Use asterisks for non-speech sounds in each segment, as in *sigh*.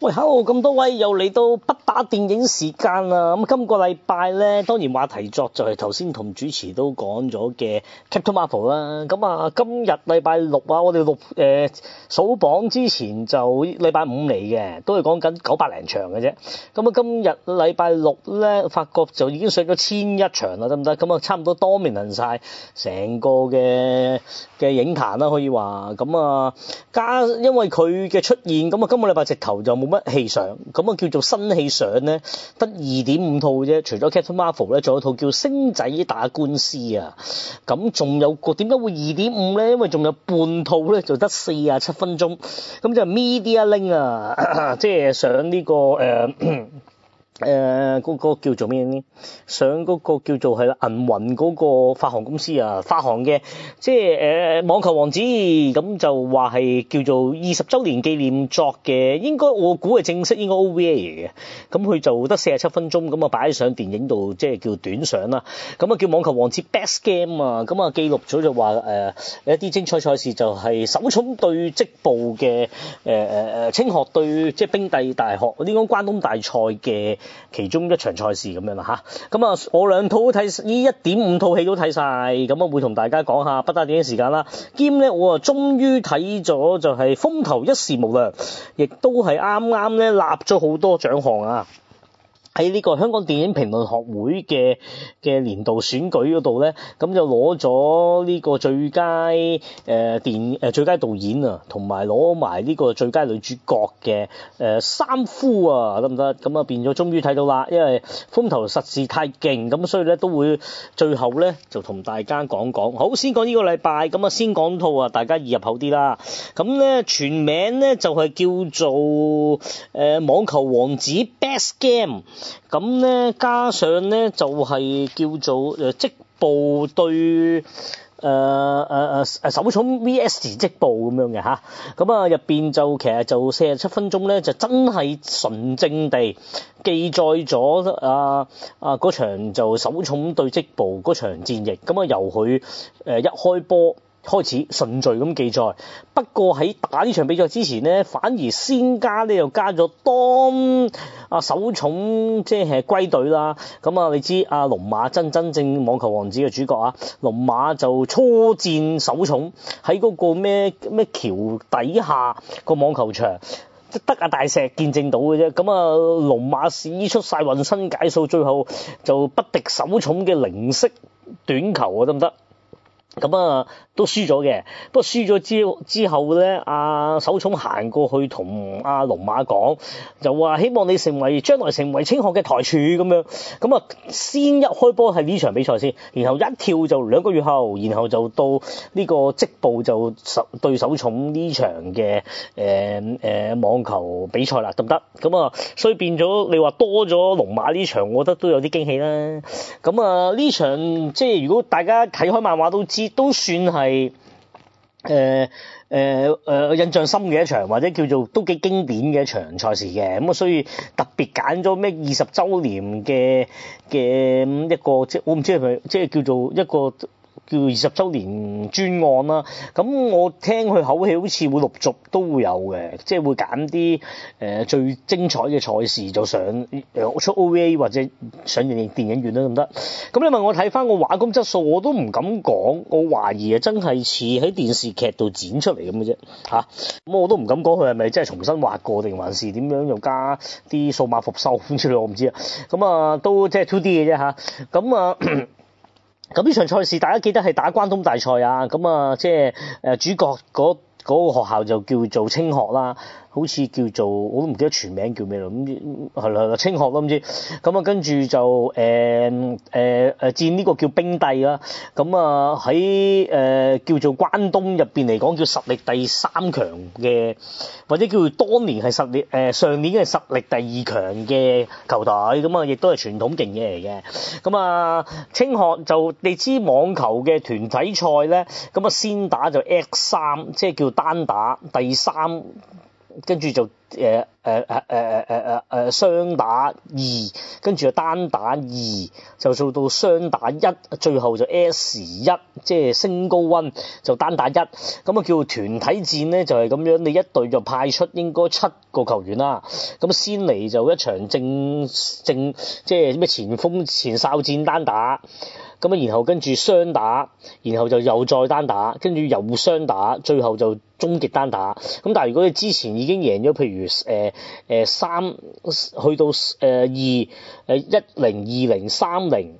喂，好，咁多位又嚟到北打電影時間啦，咁今個禮拜咧，當然話題作就係頭先同主持都講咗嘅 Captain Marvel 啦。咁啊，今日禮拜六啊，我哋六誒數榜之前就禮拜五嚟嘅，都係講緊九百零場嘅啫。咁啊，今日禮拜六咧，發覺就已經上咗千一場啦，得唔得？咁啊，差唔多 Dominance 晒成個嘅嘅影壇啦，可以話。咁啊，加因為佢嘅出現，咁啊，今個禮拜直頭就冇乜戲上，咁啊，叫做新戲。上咧得二點五套啫，除咗 Captain Marvel 咧，仲有一套叫星仔打官司啊。咁仲有個點解會二點五咧？因為仲有半套咧，就得四啊七分鐘。咁就 Media Ling 啊，咳咳即係上呢、這個誒。呃誒、呃，嗰、那個叫做咩呢？上嗰個叫做係啦，銀雲嗰個發行公司啊，發行嘅即係誒、呃、網球王子咁就話係叫做二十周年紀念作嘅，應該我估係正式應該 OVA 嘅。咁佢就得四十七分鐘咁啊，擺喺上電影度即係叫短相啦。咁啊叫網球王子 Best Game 啊，咁啊記錄咗就話誒、呃、一啲精彩賽事就係手塚對跡部嘅，誒誒誒，青學對即係冰帝大學呢個關東大賽嘅。其中一場賽事咁樣啦，吓，咁啊我兩套都睇，呢一點五套戲都睇晒。咁啊會同大家講下不打電影時間啦，兼咧我啊終於睇咗就係風頭一時無量，亦都係啱啱咧立咗好多獎項啊！喺呢個香港電影評論學會嘅嘅年度選舉嗰度咧，咁就攞咗呢個最佳誒、呃、電誒、呃、最佳導演啊，同埋攞埋呢個最佳女主角嘅誒、呃、三夫啊得唔得？咁啊變咗終於睇到啦，因為風頭實事太勁，咁所以咧都會最後咧就同大家講講。好，先講呢個禮拜咁啊，先講套啊，大家易入口啲啦。咁咧全名咧就係、是、叫做誒、呃、網球王子 Best Games。咁咧，加上咧就係叫做誒跡部對誒誒誒誒手塚 V.S. 跡部咁樣嘅吓，咁啊入邊就其實就四十七分鐘咧，就真係純正地記載咗啊啊嗰場就手塚對跡部，嗰場戰役，咁啊由佢誒一開波開始順序咁記載，不過喺打呢場比賽之前呢，反而先加呢又加咗。當啊手塚即係歸隊啦，咁啊你知啊，龍馬真真正網球王子嘅主角啊，龍馬就初戰手塚喺嗰個咩咩橋底下個網球場，得啊大石見證到嘅啫。咁啊龍馬使出晒渾身解數，最後就不敵手塚嘅零式短球啊，得唔得？咁啊，都輸咗嘅。不過輸咗之之後咧，阿手塚行過去同阿龍馬講，就話希望你成為將來成為青學嘅台柱咁樣。咁啊，先一開波係呢場比賽先，然後一跳就兩個月後，然後就到呢個跡部就對手塚呢場嘅誒誒網球比賽啦，得唔得？咁啊，所以變咗你話多咗龍馬呢場我覺得都有啲驚喜啦。咁啊，呢場即係如果大家睇開漫畫都知道。亦都算係誒誒誒印象深嘅一場，或者叫做都幾經典嘅一場賽事嘅，咁啊，所以特別揀咗咩二十周年嘅嘅一個，即係我唔知係咪，即係叫做一個。叫二十周年專案啦，咁我聽佢口氣好似會陸續都會有嘅，即係會揀啲誒最精彩嘅賽事就上出 OVA 或者上影電影院啦，得唔得？咁你問我睇翻個畫工質素，我都唔敢講，我懷疑啊，真係似喺電視劇度剪出嚟咁嘅啫嚇，咁我都唔敢講佢係咪真係重新畫過定還是點樣又加啲數碼復修出嚟，我唔知啊。咁啊，都即係 two D 嘅啫嚇，咁啊。 *coughs* 咁呢場賽事，大家記得係打關東大賽啊！咁啊，即係誒主角嗰嗰個學校就叫做青學啦。好似叫做，我都唔記得全名叫咩啦。咁係啦，清學咯，唔、嗯、知。咁啊，跟住就誒誒誒戰呢個叫冰帝啦。咁啊喺誒、呃、叫做關東入面嚟講，叫實力第三強嘅，或者叫做當年係實力、呃、上年嘅實力第二強嘅球隊。咁啊，亦都係傳統勁嘢嚟嘅。咁啊，清學就你知網球嘅團體賽咧，咁啊先打就 X 三，即係叫單打第三。跟住就誒誒誒誒誒雙打二，跟住就單打二，就做到雙打一，最後就 S 一，即係升高溫就單打一，咁啊叫團體戰咧就係咁樣，你一隊就派出應該七個球員啦，咁先嚟就一場正正即係咩前鋒前哨戰單打。咁啊，然後跟住雙打，然後就又再單打，跟住又雙打，最後就終極單打。咁但係如果你之前已經贏咗，譬如誒誒、呃呃、三去到誒、呃、二誒、呃、一零二零三零，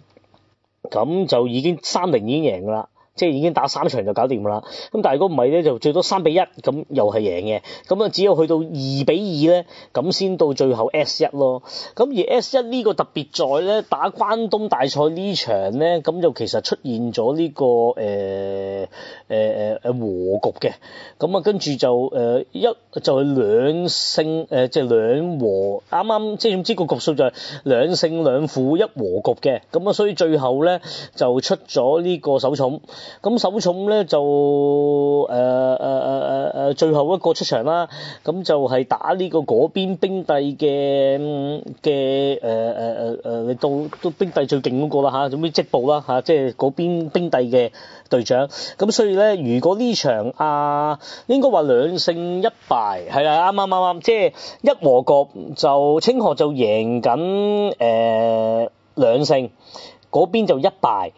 咁就已經三零已經贏啦。即係已經打三場就搞掂㗎啦。咁但係如果唔係咧，就最多三比一咁又係贏嘅。咁啊，只有去到二比二咧，咁先到最後 S 一咯。咁而 S 一呢個特別在咧，打關東大賽場呢場咧，咁就其實出現咗呢、呢個誒誒、呃呃、和局嘅。咁啊，跟、呃、住就誒一就係兩勝即係、呃就係、兩和。啱啱即係點知個局數就兩勝兩負一和局嘅。咁啊，所以最後咧就出咗呢個首重。咁手塚咧就誒誒誒誒誒最後一個出場啦，咁就係打呢個嗰邊冰帝嘅嘅誒誒誒誒，到都冰帝最勁嗰個啦嚇，總之跡部啦嚇，即係嗰邊冰帝嘅隊長。咁所以咧，如果呢場啊，應該話兩勝一敗係啦，啱啱啱啱，即係一和局就青學就贏緊誒兩勝，嗰邊就一敗，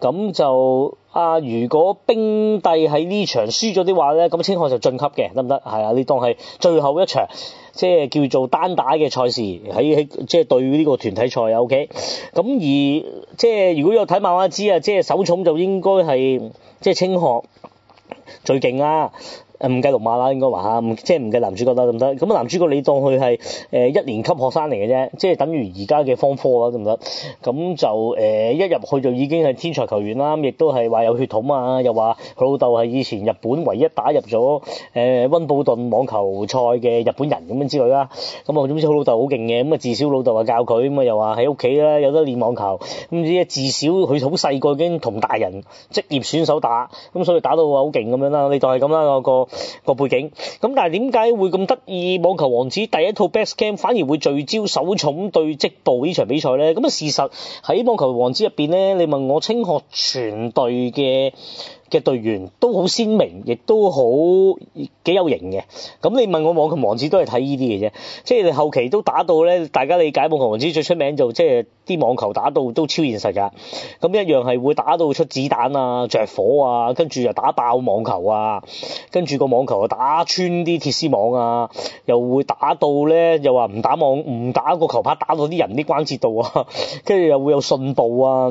咁就。啊，如果冰帝喺呢場輸咗啲話咧，咁青學，就晉級嘅，得唔得？係啊，呢當係最後一場，即係叫做單打嘅賽事，喺喺即係對呢個團體賽啊。O K，咁而即係如果有睇漫畫知啊，即係手塚就應該係即係青學最勁啦。唔計六碼啦，應該話嚇，即係唔計男主角得唔得？咁啊，男主角你當佢係、呃、一年級學生嚟嘅啫，即係等於而家嘅方科啦，得唔得？咁就、呃、一入去就已經係天才球員啦，亦都係話有血統啊，又話佢老豆係以前日本唯一打入咗誒温布頓網球賽嘅日本人咁樣之類啦。咁啊，總之佢老豆好勁嘅，咁啊至少老豆話教佢，咁啊又話喺屋企啦，有得練網球，咁唔知啊至少佢好細個已經同大人職業選手打，咁所以打到好勁咁樣啦。你當係咁啦，我個個背景，咁但係點解會咁得意？網球王子第一套 Best Game 反而會聚焦手塚對跡部呢場比賽咧？咁啊事實喺網球王子入邊咧，你問我青學全隊嘅。嘅隊員都好鮮明，亦都好幾有型嘅。咁你問我網球王子都係睇呢啲嘅啫，即係你後期都打到咧，大家理解網球王子最出名就是、即係啲網球打到都超現實㗎。咁一樣係會打到出子彈啊，着火啊，跟住又打爆網球啊，跟住個網球又打穿啲鐵絲網啊，又會打到咧，又話唔打網唔打個球拍，打到啲人啲關節度啊，跟住又會有信步啊。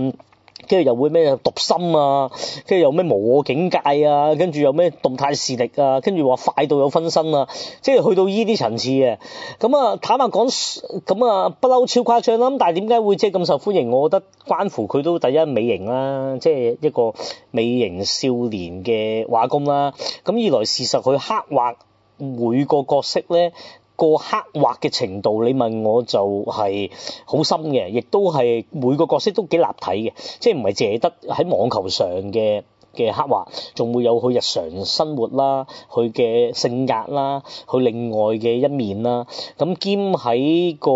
跟住又會咩獨心啊，跟住又咩無我境界啊，跟住又咩動態視力啊，跟住話快到有分身啊，即係去到依啲層次啊。咁啊，坦白講，咁啊不嬲超誇張啦。咁但係點解會即係咁受歡迎？我覺得關乎佢都第一美型啦、啊，即係一個美型少年嘅畫工啦、啊。咁二來事實佢刻畫每個角色咧。個刻畫嘅程度，你問我就係好深嘅，亦都係每個角色都幾立體嘅，即係唔係淨係得喺網球上嘅。嘅刻畫，仲會有佢日常生活啦，佢嘅性格啦，佢另外嘅一面啦。咁兼喺個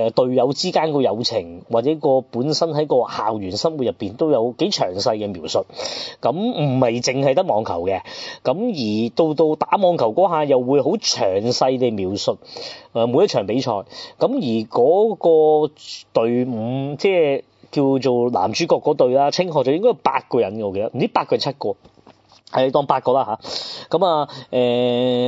誒隊友之間個友情，或者個本身喺個校園生活入邊都有幾詳細嘅描述。咁唔係淨係得網球嘅。咁而到到打網球嗰下，又會好詳細地描述誒每一場比賽。咁而嗰個隊伍即係。叫做男主角嗰隊啦，清河就應該八個人嘅，我記得唔知八個人七個。係當八個啦，咁啊誒、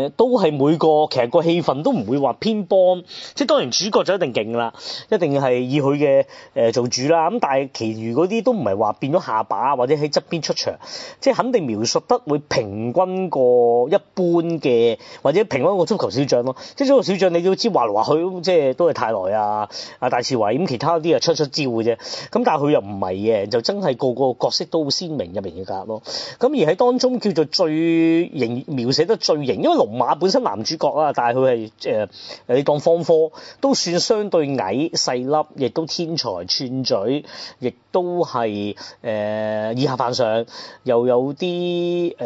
呃、都係每個其實個氣氛都唔會話偏幫，即係當然主角就一定勁啦，一定係以佢嘅、呃、做主啦。咁但係其餘嗰啲都唔係話變咗下巴或者喺側邊出場，即係肯定描述得會平均過一般嘅或者平均過足球小將咯。即係足球小將你都知話來話去，即係都係泰來啊、戴志偉咁，其他啲啊出出招嘅啫。咁但係佢又唔係嘅，就真係個個角色都好鮮明入面嘅格，格咯。咁而喺當中。叫做最型，描寫得最型，因為龍馬本身男主角啊，但係佢係誒誒你當方科都算相對矮細粒，亦都天才寸嘴，亦都係誒、呃、以下犯上，又有啲誒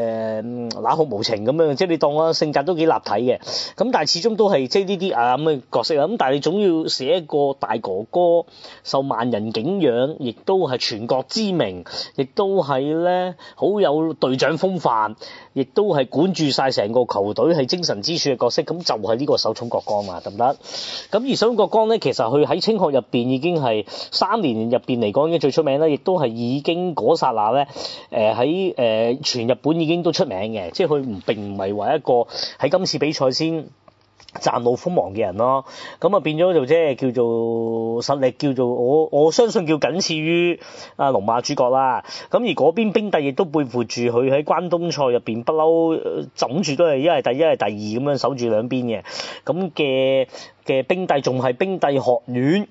冷酷無情咁樣，即係你當啊性格都幾立體嘅。咁但係始終都係即係呢啲啊咁嘅角色啊。咁但係你總要寫一個大哥哥受萬人景仰，亦都係全國知名，亦都係咧好有隊長風格。範亦都係管住晒成個球隊，係精神支柱嘅角色，咁就係呢個手塚國光啊，得唔得？咁而手塚國光咧，其實佢喺青學入邊已經係三年入邊嚟講已經最出名啦，亦都係已經嗰剎那咧誒喺誒全日本已經都出名嘅，即係佢唔並唔係話一個喺今次比賽先。嶄露鋒芒嘅人咯，咁啊變咗就即、是、係叫做實力，叫做我我相信叫僅次於啊龍馬主角啦。咁而嗰邊冰帝亦都背負住佢喺關東賽入邊不嬲，枕住都係一係第一，一係第二咁樣守住兩邊嘅咁嘅嘅冰帝，仲係冰帝學院。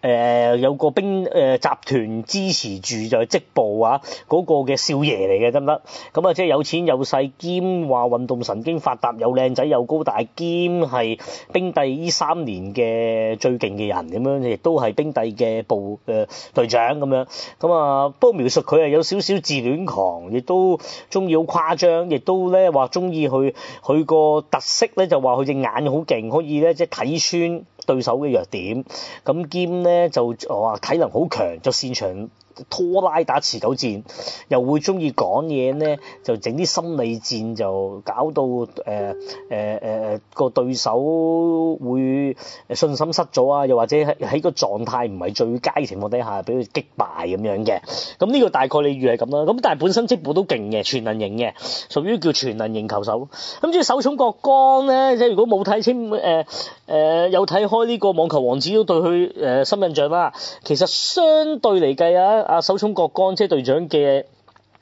誒、呃、有個冰誒、呃、集團支持住就係、是、跡部啊嗰、那個嘅少爺嚟嘅得唔得？咁啊即係有錢有勢兼話運動神經發達，又靚仔又高大，兼係冰帝呢三年嘅最勁嘅人咁樣，亦都係冰帝嘅部誒、呃、隊長咁樣咁啊不過描述佢係有少少自戀狂，亦都中意好誇張，亦都咧話中意佢佢個特色咧就話佢隻眼好勁，可以咧即係睇穿。對手嘅弱點，咁兼咧就話體能好強，就擅長。拖拉打持久戰，又會中意講嘢咧，就整啲心理戰，就搞到誒誒誒誒個對手會信心失咗啊！又或者喺喺個狀態唔係最佳情況底下，俾佢擊敗咁樣嘅。咁呢個大概你預係咁啦。咁但係本身跡部都勁嘅，全能型嘅，屬於叫全能型球手。咁至於手塚國光咧，即係如果冇睇清誒誒，有睇開呢個網球王子都對佢誒深印象啦。其實相對嚟計啊～啊！手塚國光車隊長嘅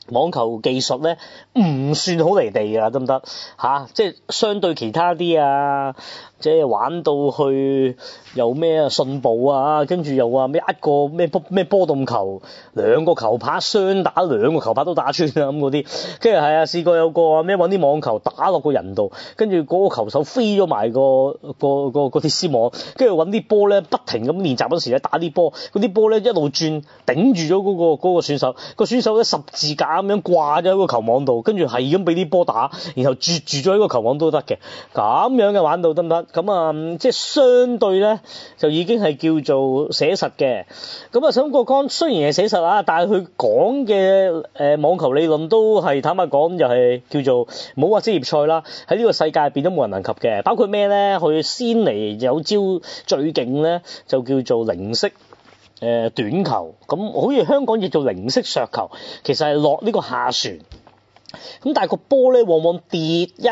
網球技術咧，唔算好離地啊，得唔得？吓？即係相對其他啲啊。即係玩到去又咩啊信步啊，跟住又話咩一個咩波咩波動球，兩個球拍雙打，兩個球拍都打穿啊咁嗰啲。跟住係啊，試過有個咩搵啲網球打落個人度，跟住嗰個球手飛咗埋個個個個鐵絲網，跟住搵啲波咧不停咁練習嗰時咧打啲波，嗰啲波咧一路轉頂住咗嗰個嗰個選手，個選手咧十字架咁樣掛咗喺個球網度，跟住係咁俾啲波打，然後住住咗喺個球網都得嘅。咁樣嘅玩到得唔得？咁啊，即係相對咧，就已經係叫做寫實嘅。咁啊，手塚國光雖然係寫實啊，但係佢講嘅誒網球理論都係坦白講，就係叫做冇話職業賽啦，喺呢個世界入邊都冇人能及嘅。包括咩咧？佢先嚟有招最勁咧，就叫做零式誒短球。咁好似香港譯做零式削球，其實係落呢個下旋。咁但係個波咧，往往跌一。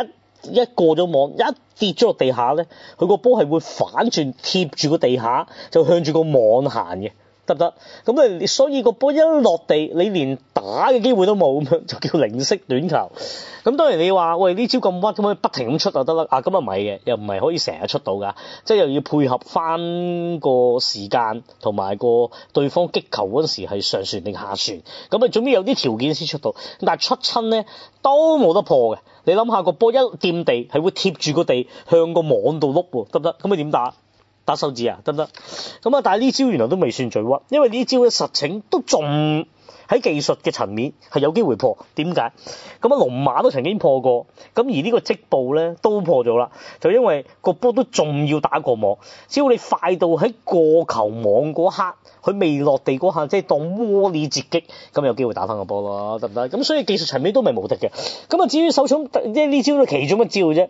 一過咗網，一跌咗落地下咧，佢個波係會反轉貼住個地下，就向住個網行嘅，得唔得？咁啊，所以個波一落地，你連打嘅機會都冇咁樣，就叫零式短球。咁當然你話喂呢招咁屈，可唔可以不停咁出就得啦？啊，咁啊唔係嘅，又唔係可以成日出到噶，即係又要配合翻個時間同埋個對方擊球嗰時係上旋定下旋。咁啊，總之有啲條件先出到，但係出親咧都冇得破嘅。你諗下個波一掂地係會貼住個地向個網度碌喎，得唔得？咁你點打？打手指啊，得唔得？咁啊，但係呢招原來都未算最屈，因為呢招嘅實情都仲，喺技術嘅層面係有機會破，點解？咁啊，龍馬都曾經破過，咁而個呢個跡部咧都破咗啦，就因為個波都仲要打過網，只要你快到喺過球網嗰刻，佢未落地嗰刻，即係當窩利截擊，咁有機會打翻個波咯，得唔得？咁所以技術層面都未冇敵敵嘅。咁啊，至於手塚即係呢招都其中一招啫，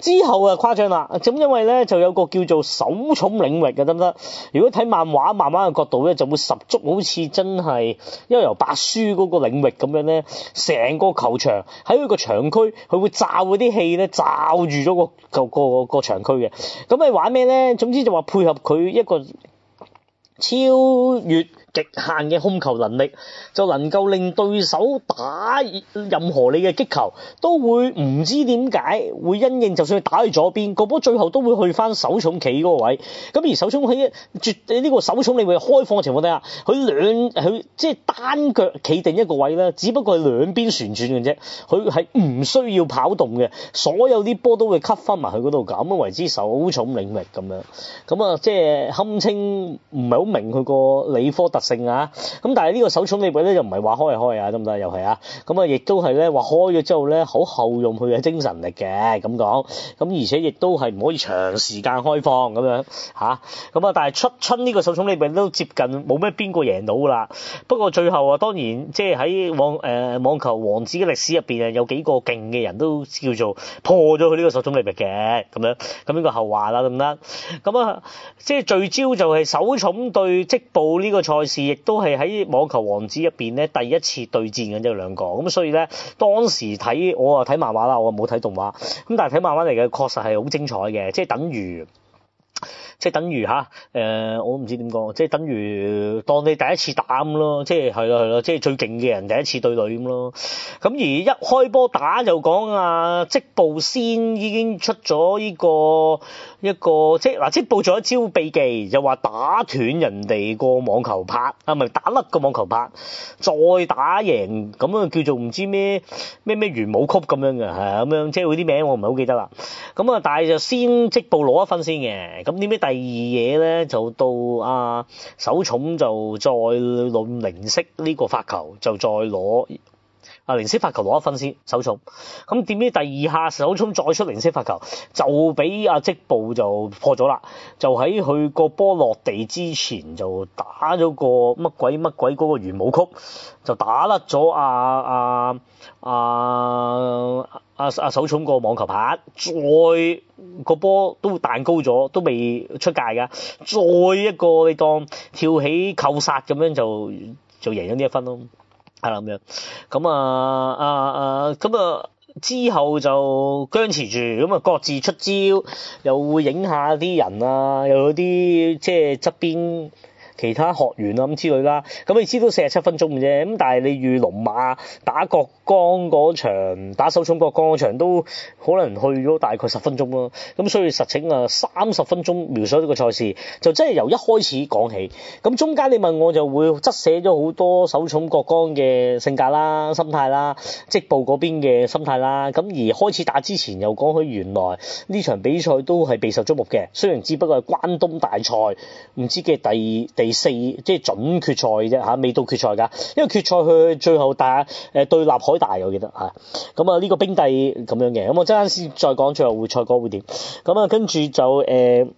之後啊誇張啦，咁因為咧就有個叫做手塚領域嘅，得唔得？如果睇漫畫漫畫嘅角度咧，就會十足好似真係，因為由白書嗰個領域咁樣咧，成個球場喺佢個場區，佢會罩嗰啲氣咧，罩住咗個、嗰個、嗰個、嗰個場區嘅。咁你玩咩咧？總之就話配合佢一個超越，極限嘅控球能力，就能夠令對手打任何你嘅擊球，都會唔知點解會因應。就算佢打去左邊個波，最後都會去翻手重企嗰個位。咁而手重喺絕對呢個手重，你會開放嘅情況底下，佢兩佢即係單腳企定一個位啦。只不過係兩邊旋轉嘅啫，佢係唔需要跑動嘅。所有啲波都會吸翻埋佢嗰度。咁啊為之手重領域咁樣。咁啊，即係堪稱唔係好明佢個理科特。啊，咁但係呢個手塚領域咧就唔係話開係開啊，得唔得又係啊，咁啊亦都係咧話開咗之後咧好耗用佢嘅精神力嘅，咁講，咁而且亦都係唔可以長時間開放咁樣吓，咁啊但係出春呢個手塚領域都接近冇咩邊個贏到噶啦，不過最後啊當然即係喺網誒網球王子嘅歷史入邊啊有幾個勁嘅人都叫做破咗佢呢個手塚領域嘅咁樣，咁呢個後話啦，得唔得？咁啊即係聚焦就係手塚對跡部呢個賽。亦都係喺網球王子入邊咧第一次對戰嘅啫兩個，咁所以咧當時睇我啊睇漫畫啦，我冇睇動畫，咁但係睇漫畫嚟嘅確實係好精彩嘅，即係等於即係等於吓，誒我唔知點講，即係等於、啊呃、當你第一次打咁咯，即係係咯係咯，即係最勁嘅人第一次對壘咁咯，咁而一開波打就講啊，跡部先已經出咗呢、這個。一個即嗱跡部咗一招秘技，又話打斷人哋個網球拍啊，咪打甩個網球拍，再打贏咁啊叫做唔知咩咩咩輪舞曲咁樣嘅，係咁樣，即係啲名我唔係好記得啦。咁啊，但係就先跡部攞一分先嘅，咁點解第二嘢咧就到啊手塚就再攞零式呢個發球，就再攞。啊！零式發球攞一分先，手塚。咁點知第二下手塚再出零式發球，就俾阿跡部就破咗啦。就喺佢個波落地之前，就打咗個乜鬼乜鬼嗰個圓舞曲，就打甩咗阿啊阿手塚個網球拍。再個波都彈高咗，都未出界噶。再一個你當跳起扣殺咁樣就就贏咗呢一分咯。係咁樣，咁、嗯、啊，啊、嗯、啊，咁、嗯、啊、嗯嗯嗯嗯嗯，之後就僵持住，咁啊各自出招，又會影下啲人啊，又有啲即係側邊其他學員啊咁之類啦。咁你知都四十七分鐘嘅啫，咁但係你遇龍馬打角江嗰場打手塚國光嗰場都可能去咗大概十分鐘咯，咁所以實情啊，三十分鐘描述呢個賽事就真係由一開始講起。咁中間你問我就會側寫咗好多手塚國光嘅性格啦、心態啦、跡部嗰邊嘅心態啦。咁而開始打之前又講佢原來呢場比賽都係備受矚目嘅，雖然只不過係關東大賽，唔知嘅第第四即係、就是、準決賽啫嚇、啊，未到決賽㗎。因為決賽佢最後打誒、呃、對立海。大我記得嚇，咁啊呢個冰帝咁樣嘅，咁我陣間先再講，最後會賽果會點咁啊跟住就誒。呃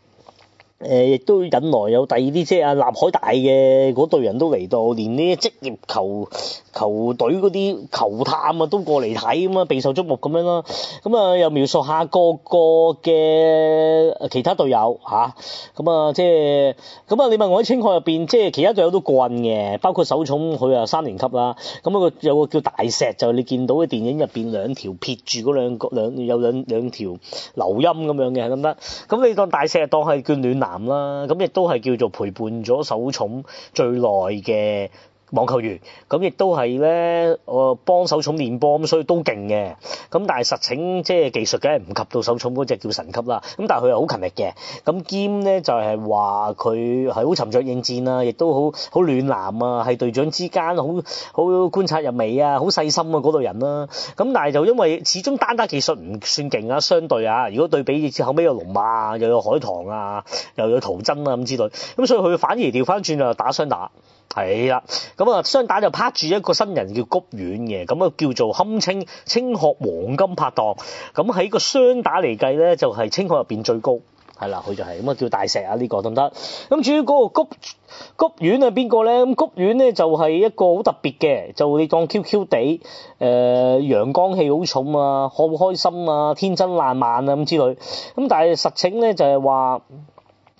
誒，亦都引來有第二啲即係啊，立海大嘅嗰隊人都嚟到，連啲職業球球隊嗰啲球探啊都過嚟睇咁啊，備受注目咁樣咯。咁、嗯、啊，又描述下各個個嘅其他隊友吓。咁啊，嗯、即係咁啊，你問我喺青海入面，即係其他隊友都慣嘅，包括手塚佢啊，三年級啦。咁、嗯、啊，有個叫大石，就係、你見到嘅電影入面，兩條撇住嗰兩兩有兩,兩條流音咁樣嘅，咁得。咁你當大石當係叫暖男啦，咁亦都係叫做陪伴咗手塚最耐嘅。網球員咁亦都係咧，我幫手塚練波咁，所以都勁嘅。咁但係實情即係技術嘅唔及到手塚嗰隻叫神級啦。咁但係佢又好勤力嘅。咁兼咧就係話佢係好沉着應戰啊，亦都好好暖男啊，係隊長之間好好觀察入微啊，好細心啊嗰類人啦。咁但係就因為始終單打技術唔算勁啊，相對啊，如果對比後尾有龍馬啊，又有，有海棠啊，又有桃城啊咁之類，咁所以佢反而調翻轉就打雙打。係啦，咁啊雙打就拍住一個新人叫菊丸嘅，咁啊叫做堪稱青學黃金拍檔。咁喺個雙打嚟計咧，就係青學入邊最高，係啦，佢就係咁啊叫大石啊、這個、可可個呢個得唔得？咁至於嗰個菊菊丸係邊個咧？咁菊丸咧就係一個好特別嘅，就你當 Q Q 地誒陽光氣好重啊，好開心啊，天真爛漫啊咁之類。咁但係實情咧就係話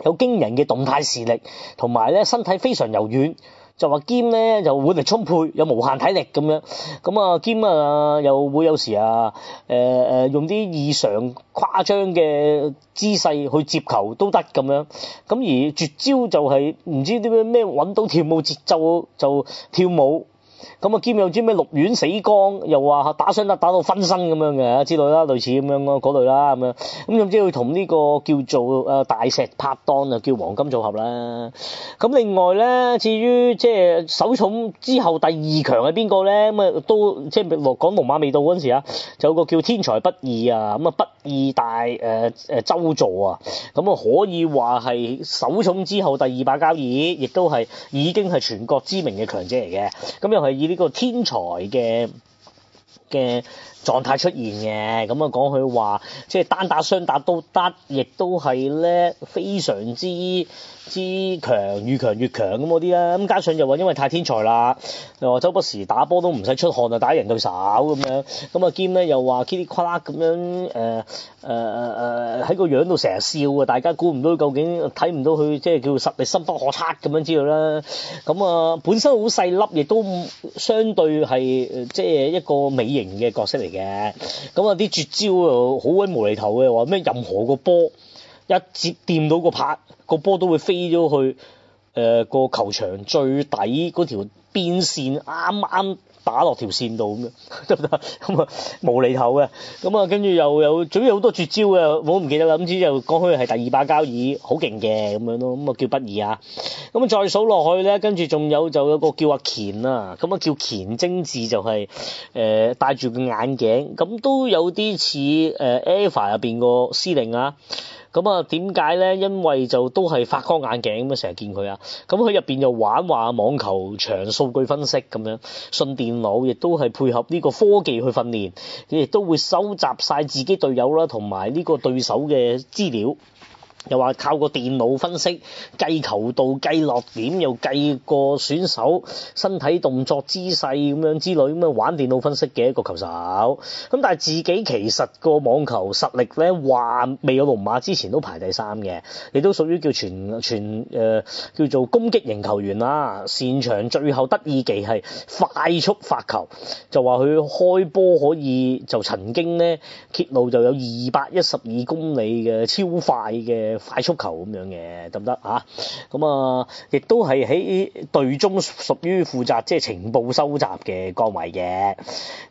有驚人嘅動態視力，同埋咧身體非常柔軟。就話兼咧就會嚟充沛，有無限體力咁樣，咁啊兼啊又會有時啊，用啲異常誇張嘅姿勢去接球都得咁樣，咁而絕招就係、是、唔知點樣咩揾到跳舞節奏就跳舞。咁啊兼有知咩六院死光，又話打傷得打，打到分身咁樣嘅，之類啦類似咁樣咯嗰類啦咁樣，咁總之，佢同呢個叫做誒大石拍檔啊叫黃金組合啦。咁另外咧至於即係手塚之後第二強係邊個咧？咁啊都即係落講龍馬未到嗰陣時啊，就有個叫天才不二啊咁啊不二大誒誒周助啊，咁、呃、啊可以話係手塚之後第二把交椅，亦都係已經係全國知名嘅強者嚟嘅，咁又以呢個天才嘅。嘅狀態出現嘅，咁啊講佢話即係單打雙打都得，亦都係咧非常之之強，越強越強咁嗰啲啦。咁加上又話因為太天才啦，又話周不時打波都唔使出汗啊，打贏對手咁樣。咁啊兼咧又話噼、呃呃呃、里呱啦咁樣誒誒喺個樣度成日笑啊，大家估唔到究竟睇唔到佢即係叫實實力深不可測咁樣之類啦。咁啊本身好細粒，亦都相對係即係一個美。型嘅角色嚟嘅，咁啊啲絕招又好鬼無厘頭嘅喎，咩任何個波一接掂到個拍，個波都會飛咗去誒個、呃、球場最底嗰條邊線啱啱。打落條線度咁樣得唔得？咁 *laughs* 啊無厘頭嘅，咁啊跟住又有，總之有好多絕招嘅，我唔記得啦。咁之後講佢係第二把交椅，好勁嘅咁樣咯。咁啊叫不二啊。咁啊再數落去咧，跟住仲有就有個叫阿乾啊，咁啊叫乾貞治就係、是、誒戴住個眼鏡，咁都有啲似誒 EVA 入邊個司令啊。咁啊，點解咧？因為就都係發光眼鏡咁啊，成日見佢啊。咁佢入面又玩話網球場數據分析咁樣，信電腦亦都係配合呢個科技去訓練。佢亦都會收集晒自己隊友啦，同埋呢個對手嘅資料。又話靠個電腦分析計球道計落點，又計個選手身體動作姿勢咁樣之類咁樣玩電腦分析嘅一個球手。咁但係自己其實個網球實力咧，話未有龍馬之前都排第三嘅。亦都屬於叫全全誒、呃，叫做攻擊型球員啦，擅長最後得意技係快速發球。就話佢開波可以就曾經咧，揭露就有二百一十二公里嘅超快嘅。快速球咁樣嘅得唔得啊？咁、嗯、啊，亦都係喺隊中屬於負責即係情報收集嘅崗位嘅。咁、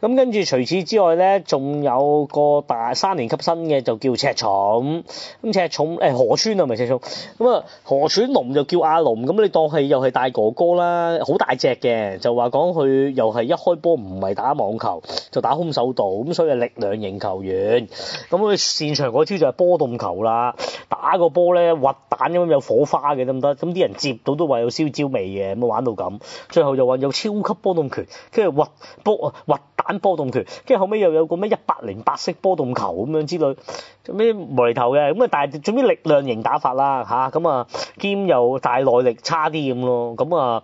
嗯、跟住除此之外咧，仲有個大三年級生嘅就叫赤松。咁赤松誒河川啊，咪赤松。咁啊，河川龍、嗯、就叫阿龍，咁你當係又係大哥哥啦，好大隻嘅。就話講佢又係一開波唔係打網球，就打空手道。咁所以係力量型球員。咁、嗯、佢擅長嗰招就係波動球啦，打。打個波咧，核彈咁有火花嘅得唔得？咁啲人接到都話有燒焦味嘅，咁啊玩到咁，最後就話有超級波動拳，跟住核波核彈波動拳，跟住後尾又有個咩一百零八式波動球咁樣之類，做咩無厘頭嘅？咁啊，但係最屘力量型打法啦吓，咁啊，啊兼又大耐力差啲咁咯，咁啊。啊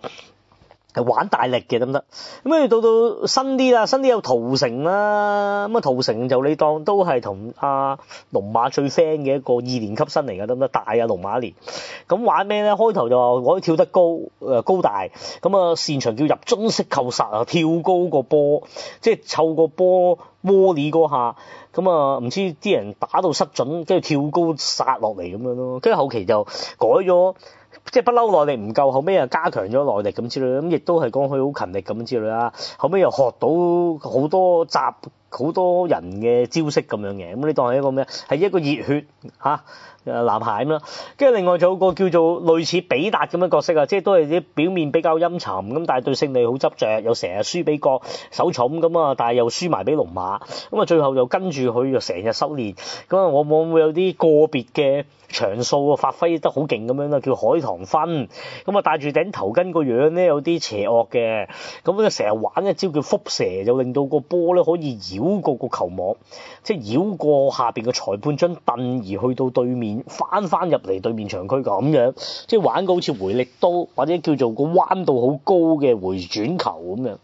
係玩大力嘅得唔得？跟住到到新啲啦，新啲有屠城啦。咁啊屠城就你當都係同阿龍馬最 friend 嘅一個二年級新嚟嘅，得唔得？大啊龍馬一年。咁玩咩咧？開頭就話可以跳得高，誒高大。咁啊擅長叫入中式扣殺啊，跳高個波，即係湊個波窩里嗰下。咁啊唔知啲人打到失準，跟住跳高殺落嚟咁樣咯。跟住後，後期就改咗。即係不嬲耐力唔夠，後尾又加強咗耐力咁之類，咁亦都係講佢好勤力咁之類啦。後尾又學到好多集好多人嘅招式咁樣嘅，咁你當係一個咩？係一個熱血吓。啊誒，男孩咁，跟住另外仲有個叫做類似比達咁嘅角色啊，即係都係啲表面比較陰沉咁，但係對勝利好執着，又成日輸俾個手塚咁啊，但係又輸埋俾龍馬咁啊，最後就跟又跟住佢又成日修煉咁啊，往往會有啲個別嘅場數啊發揮得好勁咁樣咧？叫海棠分咁啊，戴住頂頭巾個樣咧，有啲邪惡嘅，咁咧成日玩一招叫輻射，就令到個波咧可以繞過個球網，即係繞過下邊嘅裁判將凳而去到對面。翻翻入嚟對面場區咁樣，即係玩個好似回力刀或者叫做個彎度好高嘅回轉球咁樣，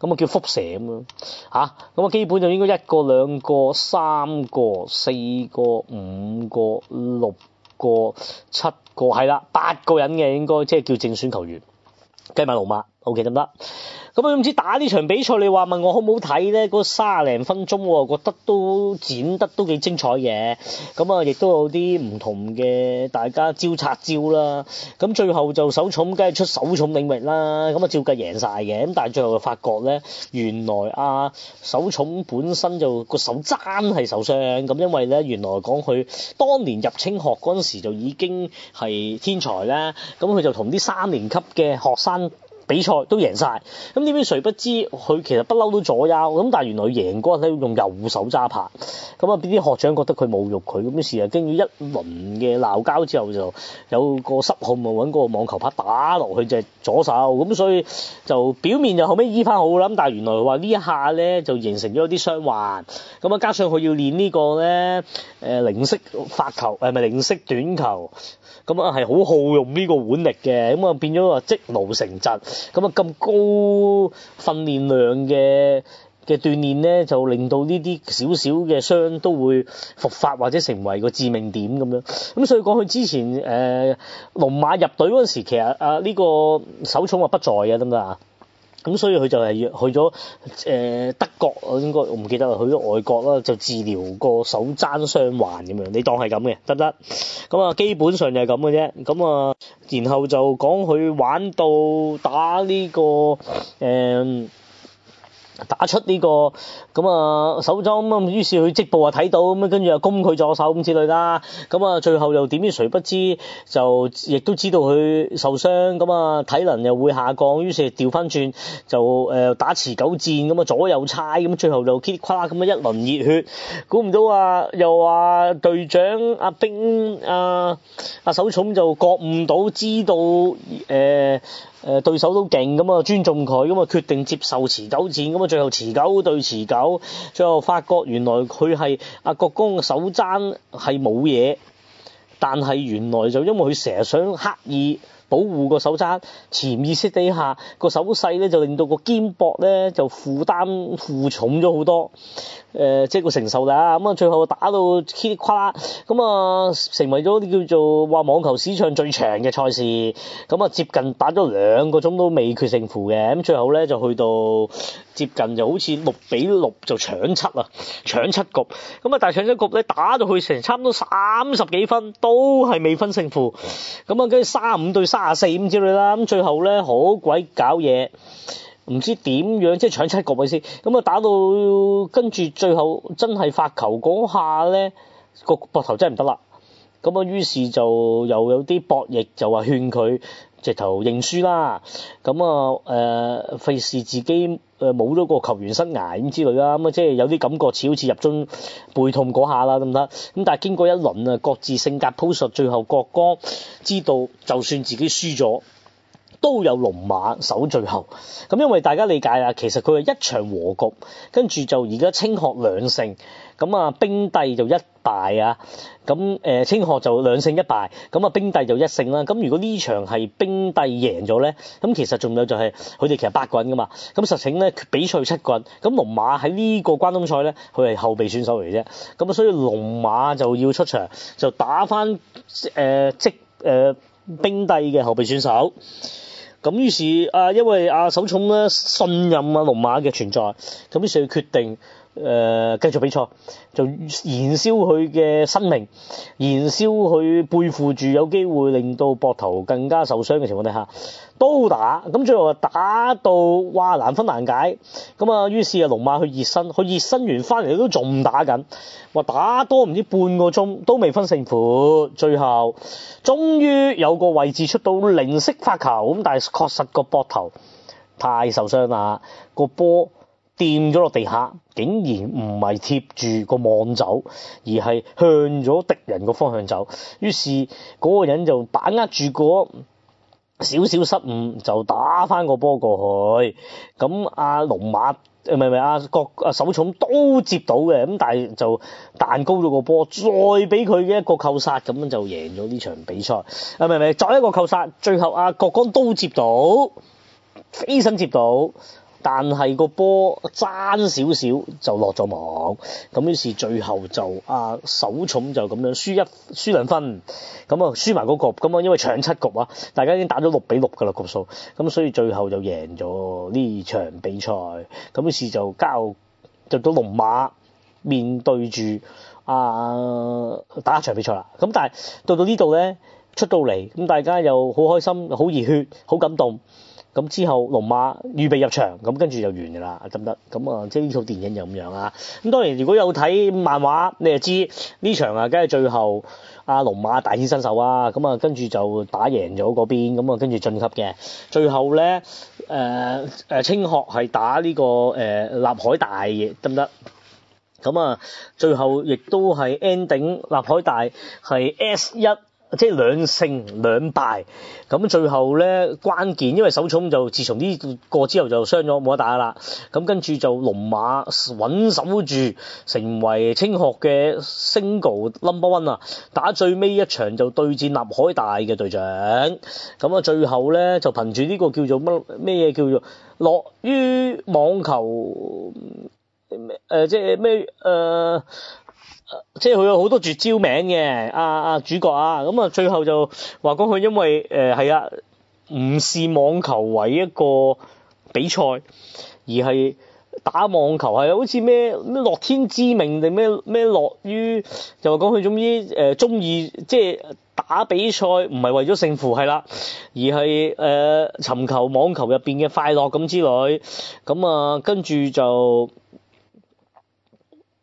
咁啊叫輻射咁樣嚇，咁啊基本就應該一個兩個三個四個五個六個七個係啦，八個人嘅應該即係叫正選球員，計埋龍馬。O.K. 得唔得？咁、嗯、啊，總之打呢場比賽，你話問我好唔好睇咧？嗰卅零分鐘，我覺得都剪得都幾精彩嘅。咁、嗯、啊，亦都有啲唔同嘅大家招拆招啦。咁、嗯、最後就手塚梗係出手塚領域啦。咁、嗯、啊，照計贏晒嘅。咁但係最後就發覺咧，原來啊，手塚本身就個手踭係受傷。咁、嗯、因為咧，原來講佢當年入清學嗰陣時就已經係天才啦。咁、嗯、佢就同啲三年級嘅學生。比賽都贏晒，咁呢知誰不知佢其實不嬲都左右，咁但原來贏嗰日咧用右手揸拍，咁啊啲學長覺得佢侮辱佢，咁於是啊經過一輪嘅鬧交之後，就有個失控啊搵嗰個網球拍打落去隻左手，咁所以就表面就後尾醫翻好啦，咁但原來話呢一下咧就形成咗啲傷患，咁啊加上佢要練呢個咧零式發球，係咪零式短球，咁啊係好好用呢個腕力嘅，咁啊變咗啊積勞成疾。咁啊咁高訓練量嘅嘅鍛鍊咧，就令到呢啲少少嘅傷都會復發或者成為個致命點咁樣。咁所以講佢之前誒、呃、龍馬入隊嗰陣時，其實啊呢、呢個手塚啊不在啊，得唔得啊？咁所以佢就係去咗誒德國，我應該我唔記得啦，去咗外國啦，就治療個手踭傷患咁樣，你當係咁嘅得唔得？咁啊，基本上就係咁嘅啫。咁啊，然後就講佢玩到打呢、這個誒。嗯打出呢、這個咁啊手塚咁，於是佢跡部啊睇到咁啊，跟住又攻佢左手咁之類啦。咁啊，最後又點知誰不知就亦都知道佢受傷咁啊，體能又會下降，於是調翻轉就誒打持久戰咁啊，左右差咁，最後就噼里啪啦咁啊一輪熱血。估唔到啊，又話隊長阿兵阿阿手塚就覺悟到知道、欸誒對手都勁咁啊，尊重佢咁啊，決定接受持久戰咁啊，最後持久對持久，最後發覺原來佢係阿國公個手踭係冇嘢，但係原來就因為佢成日想刻意保護個手踭，潛意識底下個手勢咧就令到個肩膊咧就負擔負重咗好多。誒、呃，即係個承受啦，咁啊，最後打到噼哩啪啦，咁啊，成為咗啲叫做話網球史上最長嘅賽事，咁啊，接近打咗兩個鐘都未決勝負嘅，咁最後咧就去到接近就好似六比六就搶七啊，搶七局，咁啊，但係搶七局咧打到去成差唔多三十幾分都係未分勝負，咁啊，跟住三五對三十四咁之類啦，咁最後咧好鬼搞嘢。唔知點樣，即係搶七個位先，咁啊打到跟住最後真係發球嗰下咧，個膊頭真係唔得啦。咁啊，於是就又有啲博弈就話勸佢直頭認輸啦。咁啊誒，費、呃、事自己誒冇咗個球員生涯咁之類啦。咁啊，即係有啲感覺似好似入樽背痛嗰下啦，得唔得？咁但係經過一輪啊，各自性格鋪述，最後國光知道就算自己輸咗。都有龍馬守最後，咁因為大家理解啊，其實佢係一場和局，跟住就而家青學兩勝，咁啊冰帝就一敗啊，咁誒青學就兩勝一敗，咁啊冰帝就一勝啦。咁如果呢場係冰帝贏咗咧，咁其實仲有就係佢哋其實八個人噶嘛，咁實情咧比賽七個人，咁龍馬喺呢個關東賽咧，佢係後備選手嚟啫，咁啊所以龍馬就要出場，就打翻誒、呃、即誒冰帝嘅後備選手。咁於是啊，因為啊手塚咧信任啊龍馬嘅存在，咁於是佢決定。誒、呃、繼續比賽，就燃燒佢嘅生命，燃燒佢背負住有機會令到膊頭更加受傷嘅情況底下都打，咁最後打到哇難分難解，咁啊於是啊龍馬去熱身，去熱身完翻嚟都仲打緊，話打多唔知半個鐘都未分勝負，最後終於有個位置出到零式發球，咁但係確實個膊頭太受傷啦，個波。掂咗落地下，竟然唔係貼住個網走，而係向咗敵人個方向走。於是嗰個人就把握住個少少失誤，就打返個波過去。咁阿龍馬，唔係唔係，阿郭阿手塚都接到嘅。咁但係就彈高咗個波，再俾佢嘅一個扣殺，咁樣就贏咗呢場比賽。啊，唔係唔係，再一個扣殺，最後阿國光都接到，飛身接到。但係個波爭少少就落咗網，咁於是最後就啊手塚就咁樣輸一輸兩分，咁啊輸埋個局，咁啊因為搶七局啊，大家已經打咗六比六噶啦局數，咁所以最後就贏咗呢場比賽，咁於是就交就到龍馬面對住啊打一場比賽啦，咁但係到到呢度咧出到嚟，咁大家又好開心，好熱血，好感動。咁之後，龍馬預備入場，咁跟住就完㗎啦，得唔得？咁啊，即係呢套電影就咁樣啊。咁當然，如果有睇漫畫，你就知呢場啊，梗係最後阿龍馬大顯身手啊。咁啊，跟住就打贏咗嗰邊，咁啊，跟住晉級嘅。最後咧，誒、呃、誒，青學係打呢、這個誒、呃、立海大嘅，得唔得？咁啊，最後亦都係 ending 立海大係 S 一。即係兩勝兩敗，咁最後咧關鍵，因為手塚就自從呢個之後就傷咗冇得打啦，咁跟住就龍馬穩守住，成為青學嘅 single number one 啊！打最尾一場就對戰立海大嘅隊長，咁啊最後咧就憑住呢個叫做乜咩嘢叫做落於網球誒、呃、即係咩誒？呃即係佢有好多絕招名嘅，啊啊主角啊，咁啊最後就話講佢因為誒係啊，唔視網球為一個比賽，而係打網球係好似咩咩樂天知命定咩咩樂於，就話講佢終於誒中意即係打比賽，唔係為咗勝負係啦，而係誒尋求網球入邊嘅快樂咁之類，咁啊跟住就。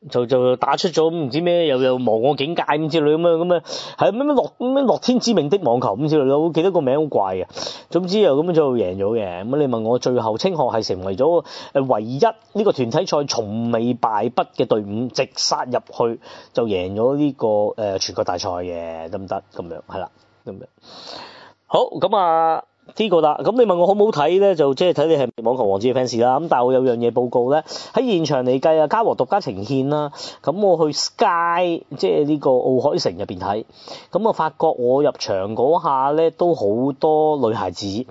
就就打出咗唔知咩，又又無我境界咁之類咁樣咁樣係咩咩落咩落天之命的網球，咁之類，我記得個名好怪啊。總之又咁樣就贏咗嘅。咁你問我最後青學係成為咗誒唯一呢個團體賽從未敗北嘅隊伍，直殺入去就贏咗呢個誒、呃、全國大賽嘅，得唔得？咁樣係啦，咁樣好咁啊。呢個啦，咁你問我好唔好睇咧，就即係睇你係網球王子嘅 fans 啦。咁但係我有樣嘢報告咧，喺現場嚟計啊，嘉禾獨家呈現啦。咁我去 Sky 即係呢個奧海城入面睇，咁啊，發覺我入場嗰下咧都好多女孩子。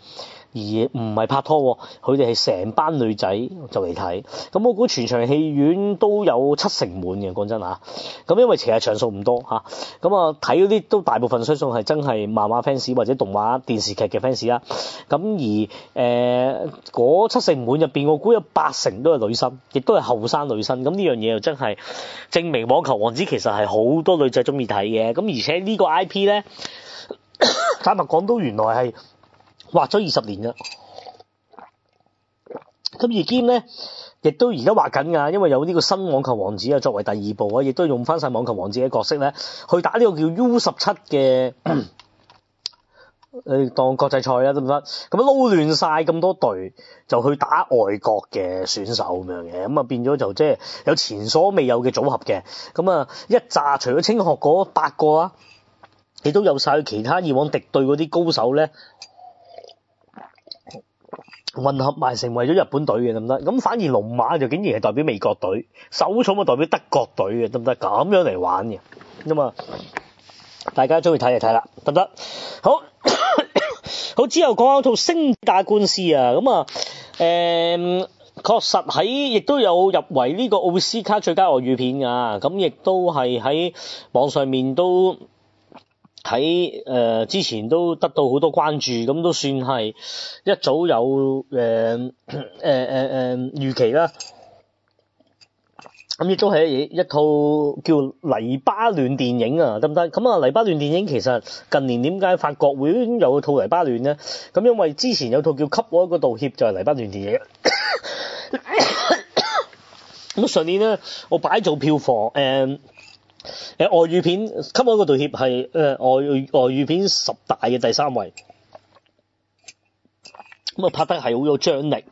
而唔係拍拖，佢哋係成班女仔就嚟睇。咁我估全場戲院都有七成滿嘅，講真啊。咁因為其實場數唔多嚇，咁啊睇嗰啲都大部分相信係真係漫畫 fans 或者動畫電視劇嘅 fans 啦。咁而誒嗰七成滿入面，我估有八成都係女生，亦都係後生女生。咁呢樣嘢又真係證明《網球王子》其實係好多女仔中意睇嘅。咁而且呢個 IP 咧， *coughs* 坦白講都原來係。畫咗二十年啦，咁而兼咧，亦都而家畫緊啊。因為有呢個新網球王子啊，作為第二部啊，亦都用返晒網球王子嘅角色咧，去打呢個叫 U 十七嘅，誒，當國際賽啦，得唔得？咁撈亂晒咁多隊，就去打外國嘅選手咁樣嘅，咁啊變咗就即係有前所未有嘅組合嘅，咁啊一扎除咗清學嗰八個啊，亦都有晒其他以往敵對嗰啲高手咧。混合埋成為咗日本隊嘅，得唔得？咁反而龍馬就竟然係代表美國隊，手冢咪代表德國隊嘅，得唔得？咁樣嚟玩嘅，咁啊，大家中意睇就睇啦，得唔得？好， *laughs* 好之後講一套《星仔打官司》啊，咁、嗯、啊，誒，確實喺亦都有入圍呢個奧斯卡最佳外語片啊。咁亦都係喺網上面都。喺誒、呃、之前都得到好多關注，咁都算係一早有誒誒、呃呃呃呃、預期啦。咁亦都係一套叫《黎巴嫩》電影啊，得唔得？咁啊，《黎巴嫩》電影，其實近年點解法國會有套亂呢《黎巴嫩》咧？咁因為之前有套叫《給我一個道歉》就係《黎巴嫩》電影。咁 *laughs* 上年咧，我擺做票房、呃誒，外語片給我個道歉係誒，外外語片十大嘅第三位，咁啊拍得係好有張力，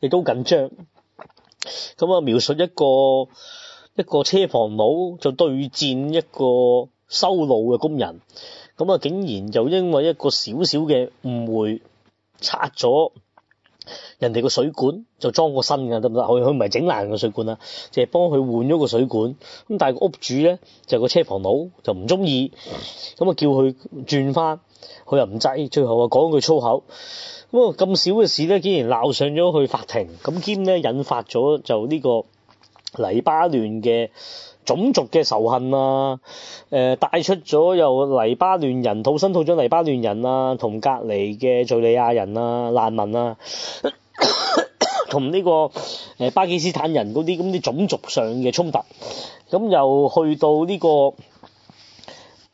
亦都緊張，咁啊描述一個一個車房佬就對戰一個修路嘅工人，咁啊竟然就因為一個小小嘅誤會拆咗。人哋個水管就裝個新㗎，得唔得？佢佢唔係整爛個水管啦，淨係幫佢換咗個水管。咁但係個屋主咧就是、個車房佬就唔中意，咁啊叫佢轉翻，佢又唔制，最後啊講句粗口。咁啊咁少嘅事咧，竟然鬧上咗去法庭，咁兼咧引發咗就呢個黎巴嫩嘅。種族嘅仇恨啊，誒帶出咗由黎巴嫩人土生土長黎巴嫩人啊，同隔籬嘅敘利亞人啊難民啊，同呢個誒巴基斯坦人嗰啲咁啲種族上嘅衝突，咁又去到呢、這個誒、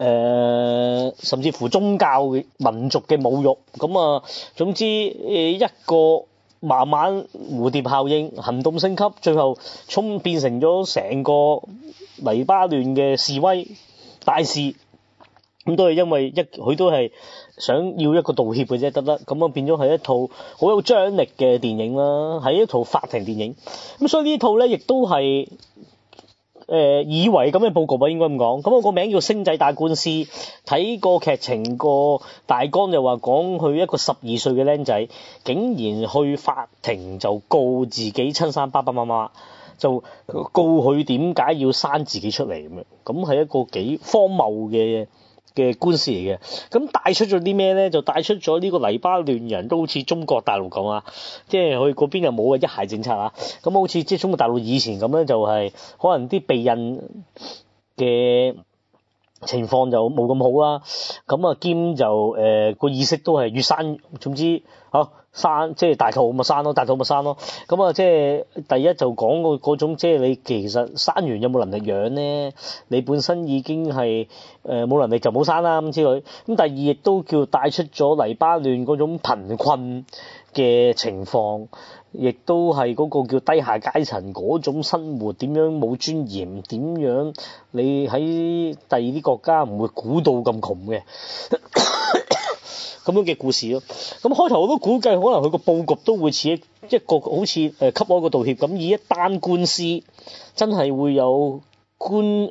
呃、甚至乎宗教嘅民族嘅侮辱，咁啊總之誒一個。慢慢蝴蝶效應行動升級，最後衝變成咗成個黎巴嫩嘅示威大事，咁都係因為一佢都係想要一個道歉嘅啫，得啦，咁啊變咗係一套好有張力嘅電影啦，係一套法庭電影，咁所以呢套咧亦都係。誒以為咁嘅報告吧，應該咁講。咁我個名叫星仔打官司，睇過個劇情個大綱就話講佢一個十二歲嘅僆仔，竟然去法庭就告自己親生爸爸媽媽，就告佢點解要生自己出嚟咁樣。咁係一個幾荒謬嘅。嘅官司嚟嘅，咁帶出咗啲咩咧？就帶出咗呢個黎巴嫩人都好似中國大陸咁啊，即係佢嗰邊又冇一孩政策啊，咁好似即係中國大陸以前咁咧，就係、係、可能啲避孕嘅情況就冇咁好啊，咁啊兼就個、呃、意識都係越生越，總之、啊生即係大肚咪生咯，大肚咪生咯。咁啊，即係第一就講個嗰種即係你其實生完有冇能力養咧？你本身已經係誒冇能力就冇生啦咁之類。咁第二亦都叫帶出咗黎巴嫩嗰種貧困嘅情況，亦都係嗰個叫低下階層嗰種生活點樣冇尊嚴，點樣你喺第二啲國家唔會估到咁窮嘅。 *coughs* 咁樣嘅故事咯，咁開頭我都估計可能佢個布局都會似一個好似誒給我一個道歉咁，以一單官司真係會有。官誒喺、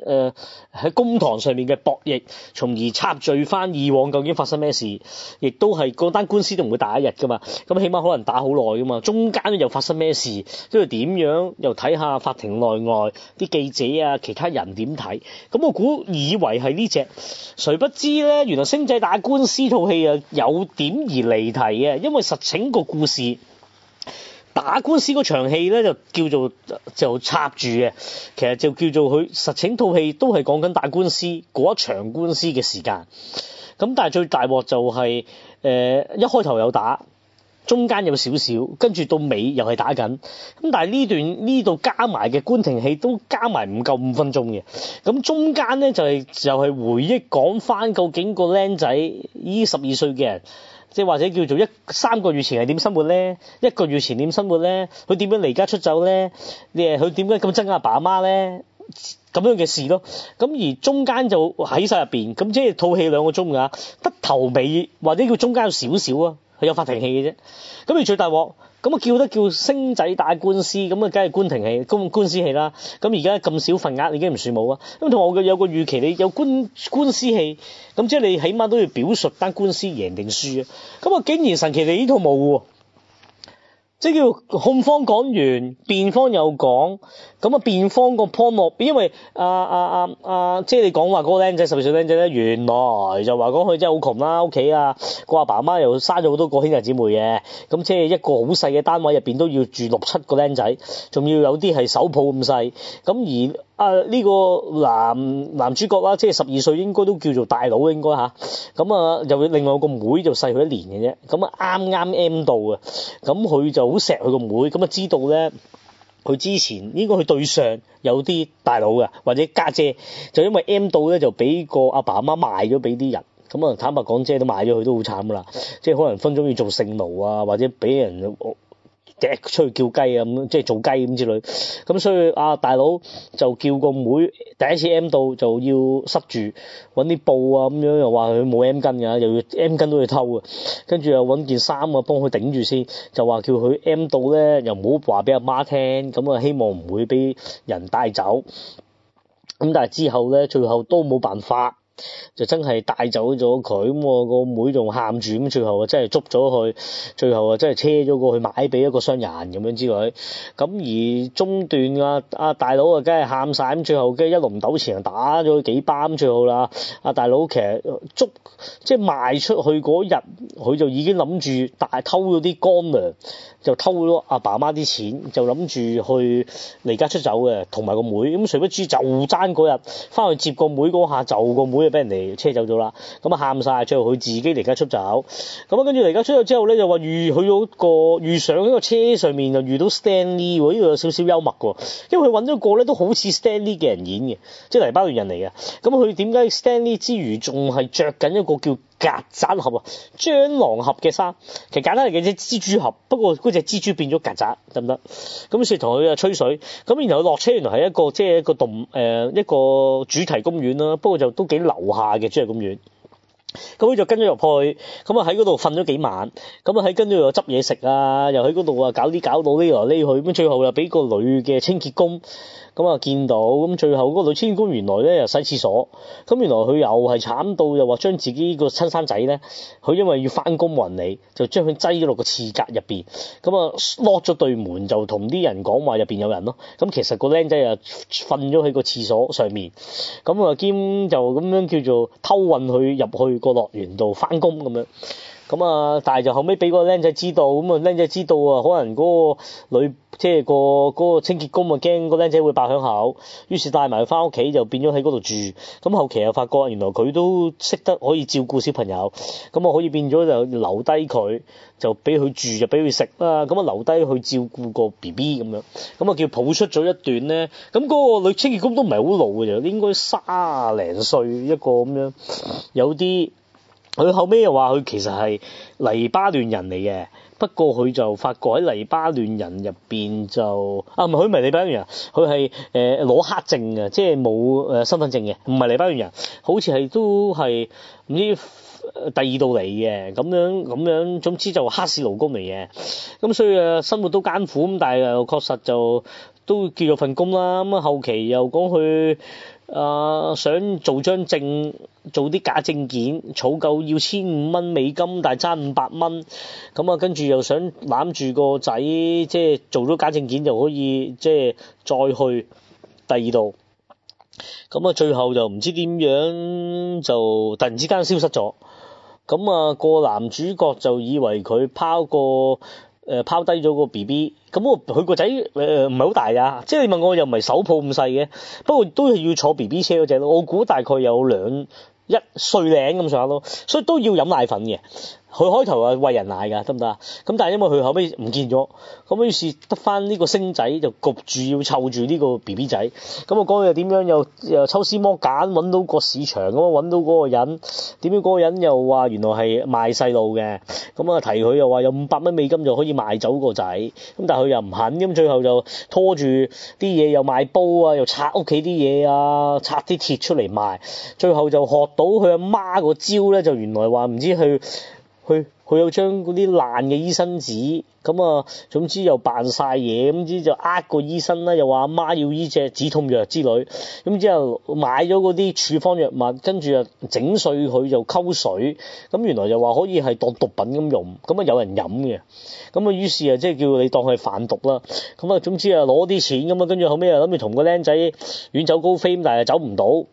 呃、公堂上面嘅博弈，從而插敍翻以往究竟發生咩事，亦都係嗰單官司都唔會打一日噶嘛。咁起碼可能打好耐噶嘛，中間又發生咩事，跟住點樣又睇下法庭內外啲記者啊，其他人點睇。咁我估以為係呢隻，誰不知咧，原來星仔打官司套戲啊，有點而離題啊，因為實情個故事。打官司嗰場戲咧就叫做就插住嘅，其實就叫做佢實情套戲都係講緊打官司嗰一場官司嘅時間。咁但係最大鑊就係、是、誒一開頭有打，中間有少少，跟住到尾又係打緊。咁但係呢段呢度加埋嘅官庭戲都加埋唔夠五分鐘嘅。咁中間咧就係、是、就係、是、回憶講返究竟個僆仔依十二歲嘅人。即係或者叫做一三個月前係點生活咧，一個月前點生活咧，佢點樣離家出走咧？誒，佢點樣咁憎阿爸阿媽咧？咁樣嘅事咯。咁而中間就喺晒入邊，咁即係套戲兩個鐘㗎，得頭尾或者叫中間有少少啊，佢有發脾氣嘅啫。咁而最大鑊。咁啊，叫得叫星仔打官司，咁啊，梗係官庭戲、官官司戲啦。咁而家咁少份額，已經唔算冇啊。咁同我嘅有個預期，你有官官司戲，咁即係你起碼都要表述單官司贏定輸啊。咁啊，竟然神奇你呢套冇喎，即係叫控方講完，辯方又講。咁啊，辯方個泡沫？因為啊啊啊啊，即係你講話嗰個僆仔十二歲僆仔咧，原來就話講佢真係好窮啦，屋企啊，個阿爸阿媽又生咗好多個兄弟姊妹嘅，咁即係一個好細嘅單位入邊都要住六七個僆仔，仲要有啲係手抱咁細。咁而啊呢個男男主角啦，即係十二歲應該都叫做大佬應該吓。咁啊，又另外個妹就細佢一年嘅啫。咁啊啱啱 M 到啊，咁佢就好錫佢個妹，咁啊知道咧。佢之前應該佢對上有啲大佬嘅，或者家姐，姐就因為 M 到咧，就俾個阿爸阿媽賣咗俾啲人，咁啊坦白講，姐都賣咗佢都好慘噶啦，即係可能分分鐘要做性奴啊，或者俾人趯出去叫雞啊咁，即係做雞咁之類。咁所以啊大佬就叫個妹第一次 M 到就要塞住，搵啲布啊咁樣，又話佢冇 M 巾嘅，又要 M 巾都要偷啊。跟住又搵件衫啊幫佢頂住先，就話叫佢 M 到咧又唔好話俾阿媽聽，咁啊希望唔會俾人帶走。咁但係之後咧，最後都冇辦法。就真係帶走咗佢咁，個妹仲喊住咁，最後啊真係捉咗佢，最後啊真係車咗過去買俾一個商人咁樣之類。咁而中段啊，阿大佬啊梗係喊晒咁，最後機一龍鬥錢打咗幾巴，最後啦，阿、啊、大佬其實捉即係、就是、賣出去嗰日，佢就已經諗住大偷咗啲乾糧，就偷咗阿爸媽啲錢，就諗住去離家出走嘅，同埋個妹咁，誰不知就爭嗰日翻去接個妹嗰下就個妹，妹。俾人哋車走咗啦，咁啊喊晒，最後佢自己離家出走，咁啊跟住離家出走之後咧，就話遇去咗個遇上呢個車上面就遇到 Stanley 喎，呢個有少少幽默喎。因為佢搵咗個咧都好似 Stanley 嘅人演嘅，即係黎巴嫩人嚟嘅，咁佢點解 Stanley 之餘仲係着緊一個叫曱甴俠啊，蟑螂俠嘅衫，其實簡單嚟講幾隻蜘蛛俠。不過嗰隻蜘蛛變咗曱甴得唔得？咁所以同佢啊吹水。咁然後落車，原來係一個即係一個動誒一，、呃、一個主題公園啦。不過就都幾樓下嘅主題公園。咁佢就跟咗入去，咁啊喺嗰度瞓咗幾晚。咁啊喺跟住又執嘢食啊，又喺嗰度啊搞啲搞到呢嚟呢去。咁最後又俾個女嘅清潔工。咁啊，見到咁最後嗰個女清官原來咧，又洗廁所。咁原來佢又係慘到又話將自己個親生仔咧，佢因為要翻工冇人嚟，就將佢擠咗落個廁格入面。咁啊鎖咗對門就同啲人講話入面有人咯，咁其實個僆仔啊瞓咗喺個廁所上面，咁啊兼就咁樣叫做偷運佢入去個樂園度翻工咁樣，咁啊但係就後尾俾個僆仔知道，咁啊僆仔知道啊可能嗰個女。即係個嗰個清潔工啊，驚個靚仔會爆響口，於是帶埋佢翻屋企，就變咗喺嗰度住。咁後期又發覺原來佢都識得可以照顧小朋友，咁啊可以變咗就留低佢，就俾佢住，就俾佢食啦。咁啊留低去照顧個 B B 咁樣。咁啊叫抱出咗一段咧。咁嗰個女清潔工都唔係好老嘅，就應該卅零歲一個咁樣。有啲佢後尾又話佢其實係黎巴嫩人嚟嘅。不過佢就發覺喺黎巴嫩人入邊，就啊，唔係佢唔係黎巴嫩人，佢係誒攞黑證嘅，即係冇誒身份證嘅，唔係黎巴嫩人，好似係都係唔知。第二度嚟嘅咁樣咁樣，總之就黑市勞工嚟嘅，咁所以啊生活都艱苦咁，但係又確實就都叫咗份工啦。咁啊後期又講去啊想做張證，做啲假證件，儲夠要千五蚊美金，但係爭五百蚊咁啊，跟住又想攬住個仔，即係做咗假證件就可以，即係再去第二度。咁啊，最後就唔知點樣，就突然之間消失咗。咁啊，個男主角就以為佢拋、呃、過誒拋低咗個 B B，咁佢個仔誒唔係好大㗎，即係你問我，我又唔係手抱咁細嘅，不過都係要坐 B B 車嗰隻咯，我估大概有兩一歲零咁上下咯，所以都要飲奶粉嘅。佢開頭啊餵人奶㗎，得唔得啊？咁但係因為佢後尾唔見咗，咁於是得翻呢個星仔就焗住要湊住呢個 B B 仔。咁啊講又點樣？又又抽絲剝繭搵到個市場，咁我搵到嗰個人，點樣嗰個人又話原來係賣細路嘅。咁啊提佢又話有五百蚊美金就可以賣走個仔。咁但佢又唔肯。咁最後就拖住啲嘢又賣煲啊，又拆屋企啲嘢啊，拆啲鐵出嚟賣。最後就學到佢阿媽個招咧，就原來話唔知佢。佢佢又將嗰啲爛嘅醫生紙，咁啊，總之又扮晒嘢，咁之就呃個醫生啦，又話阿媽要呢隻止痛藥之類，咁之後買咗嗰啲處方藥物，跟住啊整碎佢就溝水，咁原來又話可以係當毒品咁用，咁啊有人飲嘅，咁啊於是啊即係叫你當佢係販毒啦，咁啊總之啊攞啲錢咁啊，跟住後屘啊諗住同個僆仔遠走高飛，但係走唔到。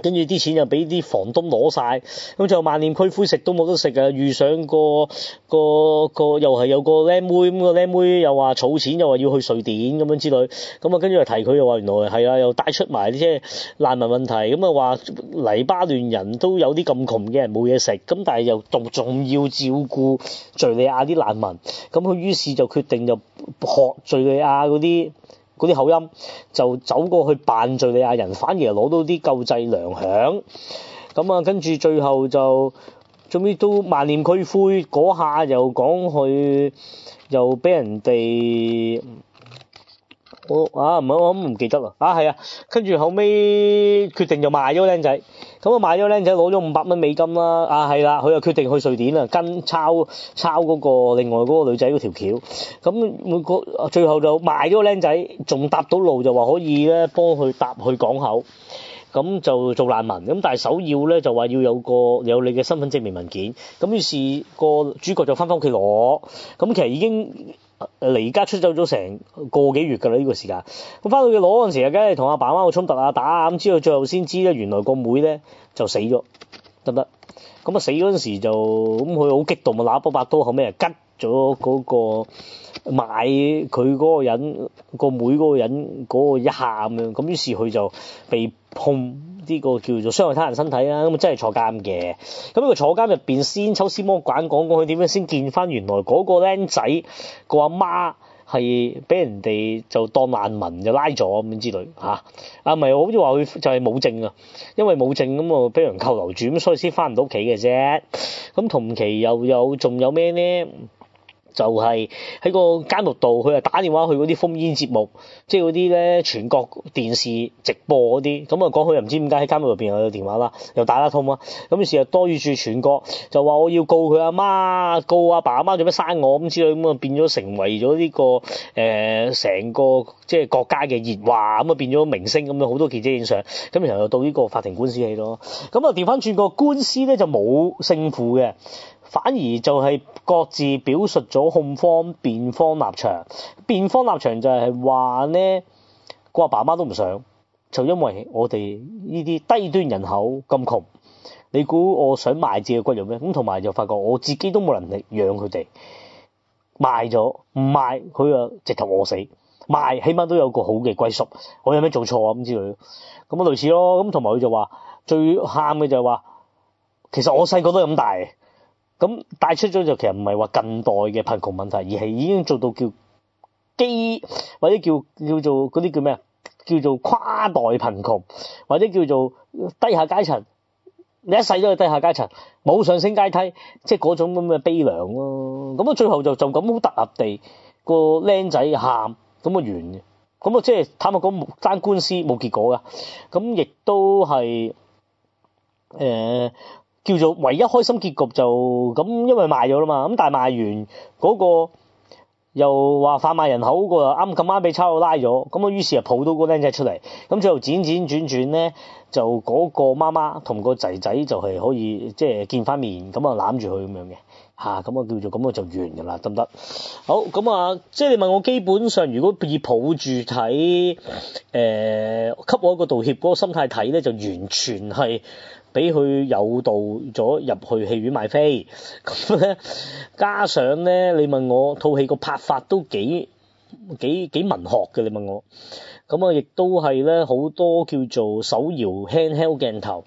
跟住啲錢又俾啲房東攞晒，咁就萬念俱灰食都冇得食啊！遇上個個個，個，個，個又係有個靚妹，咁個靚妹又話儲錢，又話要去瑞典咁樣之類，咁啊跟住又提佢又話原來係啊，又帶出埋啲難民問題，咁啊話黎巴嫩人都有啲咁窮嘅人冇嘢食，咁但係又仲仲要照顧敍利亞啲難民，咁佢於是就決定就學敍利亞嗰啲。嗰啲口音就走過去扮敍利亞人，反而攞到啲救濟糧餉。咁啊，跟住最後就，終於都萬念俱灰。嗰下又講佢，又俾人哋。我啊唔好，我唔記得啦。啊係啊，跟住後尾決定就賣咗個僆仔，咁我賣咗個僆仔攞咗五百蚊美金啦。啊係啦，佢就決定去瑞典啦，跟抄抄嗰個另外嗰個女仔嗰條橋。咁每個最後就賣咗個僆仔，仲搭到路就話可以咧幫佢搭去港口，咁就做難民。咁但係首要咧就話要有個有你嘅身份證明文件。咁於是個主角就翻返屋企攞，咁其實已經。離家出走咗成個幾月㗎啦，呢個時間，咁翻到去攞嗰陣時啊，梗係同阿爸媽好衝突啊，打啊，咁之後最後先知咧，原來個妹咧就死咗，得唔得？咁啊死嗰陣時就咁，佢好激動啊，拿把白刀，後尾啊吉。咗嗰個買佢嗰個人個妹嗰個人嗰個一下咁樣，咁於是佢就被控呢個叫做傷害他人身體啦，咁啊真係坐監嘅。咁佢坐監入邊先抽絲剝繭講講佢點樣先見翻原來嗰個僆仔個阿媽係俾人哋就當難民就拉咗咁之類嚇。啊唔係我好似話佢就係冇證啊，因為冇證咁啊，俾人扣留住，咁所以先翻唔到屋企嘅啫。咁同期又有仲有咩呢？就係、是、喺個監獄度，佢又打電話去嗰啲烽煙節目，即係嗰啲咧全國電視直播嗰啲，咁啊講佢又唔知點解喺監獄入邊有電話啦，又打得通啦，咁於是又多於住全國，就話我要告佢阿媽，告阿爸阿媽做咩生我咁之類，咁啊變咗成為咗呢、這個誒成、呃、個即係國家嘅熱話，咁啊變咗明星咁樣，好多記者影相，咁然後又到呢個法庭官司戲咯，咁啊調翻轉個官司咧就冇勝負嘅。反而就係各自表述咗控方、辯方立場。辯方立場就係話咧，個阿爸媽都唔想，就因為我哋呢啲低端人口咁窮，你估我想賣自己嘅骨肉咩？咁同埋就發覺我自己都冇能力養佢哋，賣咗唔賣佢啊，就直頭餓死。賣起碼都有個好嘅歸宿，我有咩做錯啊？咁之類，咁啊類似咯。咁同埋佢就話最喊嘅就係話，其實我細個都咁大。咁帶出咗就其實唔係話近代嘅貧窮問題，而係已經做到叫基或者叫叫做嗰啲叫咩啊？叫做跨代貧窮或者叫做低下階層。你一世都係低下階層，冇上升階梯，即係嗰種咁嘅悲涼咯。咁啊，最後就、那個、就咁好突兀地個僆仔喊，咁啊完嘅。咁啊，即係坦白講，爭官司冇結果噶。咁亦都係誒。呃叫做唯一開心結局就咁，因為賣咗啦嘛，咁但係賣完嗰、嗰個又話販賣人口、嗰個啱咁啱俾差佬拉咗，咁啊於是啊抱到個靚仔出嚟，咁最後輾輾轉轉咧，就嗰個媽媽同個仔仔就係可以即係、就是、見翻面，咁啊攬住佢咁樣嘅，吓咁啊叫做咁啊就完噶啦，得唔得？好咁啊，即係你問我基本上如果以抱住睇誒，給我一個道歉嗰個心態睇咧，就完全係。俾佢誘導咗入去戲院買飛，咁咧加上咧，你問我套戲個拍法都幾幾幾文學嘅，你問我，咁啊亦都係咧好多叫做手搖 handheld 鏡頭。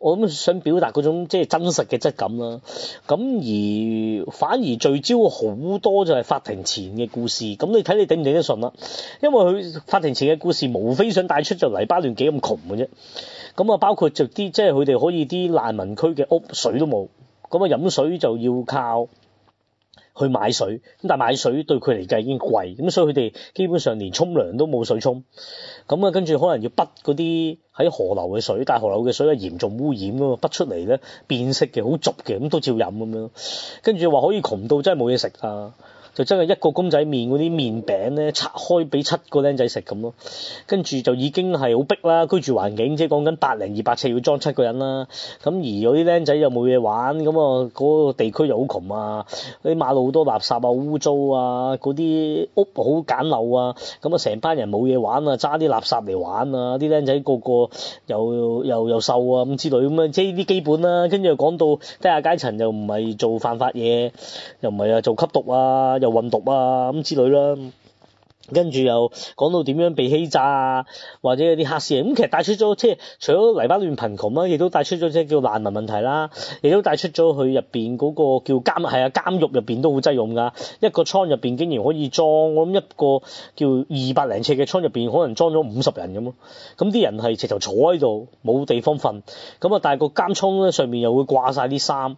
我諗想表達嗰種即係真實嘅質感啦，咁而反而聚焦好多就係法庭前嘅故事，咁你睇你頂唔頂得順啦。因為佢法庭前嘅故事無非想帶出就黎巴嫩幾咁窮嘅啫，咁啊包括着啲即係佢哋可以啲難民區嘅屋水都冇，咁啊飲水就要靠。去買水，咁但係買水對佢嚟計已經貴，咁所以佢哋基本上連沖涼都冇水沖，咁啊跟住可能要筆嗰啲喺河流嘅水，但係河流嘅水係嚴重污染噶，筆出嚟咧變色嘅，好濁嘅，咁都照飲咁樣，跟住話可以窮到真係冇嘢食啊！就真係一個公仔麵嗰啲麵餅咧，拆開俾七個僆仔食咁咯。跟住就已經係好逼啦，居住環境即係講緊百零二百尺要裝七個人啦。咁而嗰啲僆仔又冇嘢玩，咁啊嗰個地區又好窮啊，啲馬路好多垃圾啊、污糟啊，嗰啲屋好簡陋啊，咁啊成班人冇嘢玩啊，揸啲垃圾嚟玩啊，啲僆仔個個又又又，又瘦啊咁之類咁啊。即係啲基本啦。跟住又講到低下階層又唔係做犯法嘢，又唔係啊做吸毒啊，運毒啊咁之類啦，跟住又講到點樣被欺詐啊，或者啲黑市咁，其實帶出咗即係除咗黎巴嫩貧窮啦，亦都帶出咗即係叫難民問題啦，亦都帶出咗佢入面嗰個叫監，係啊監獄入面都好擠擁噶，一個倉入面竟然可以裝我諗一個叫二百零尺嘅倉入面可能裝咗五十人咁咯，咁啲人係直頭坐喺度冇地方瞓，咁啊但係個監倉咧上面又會掛晒啲衫。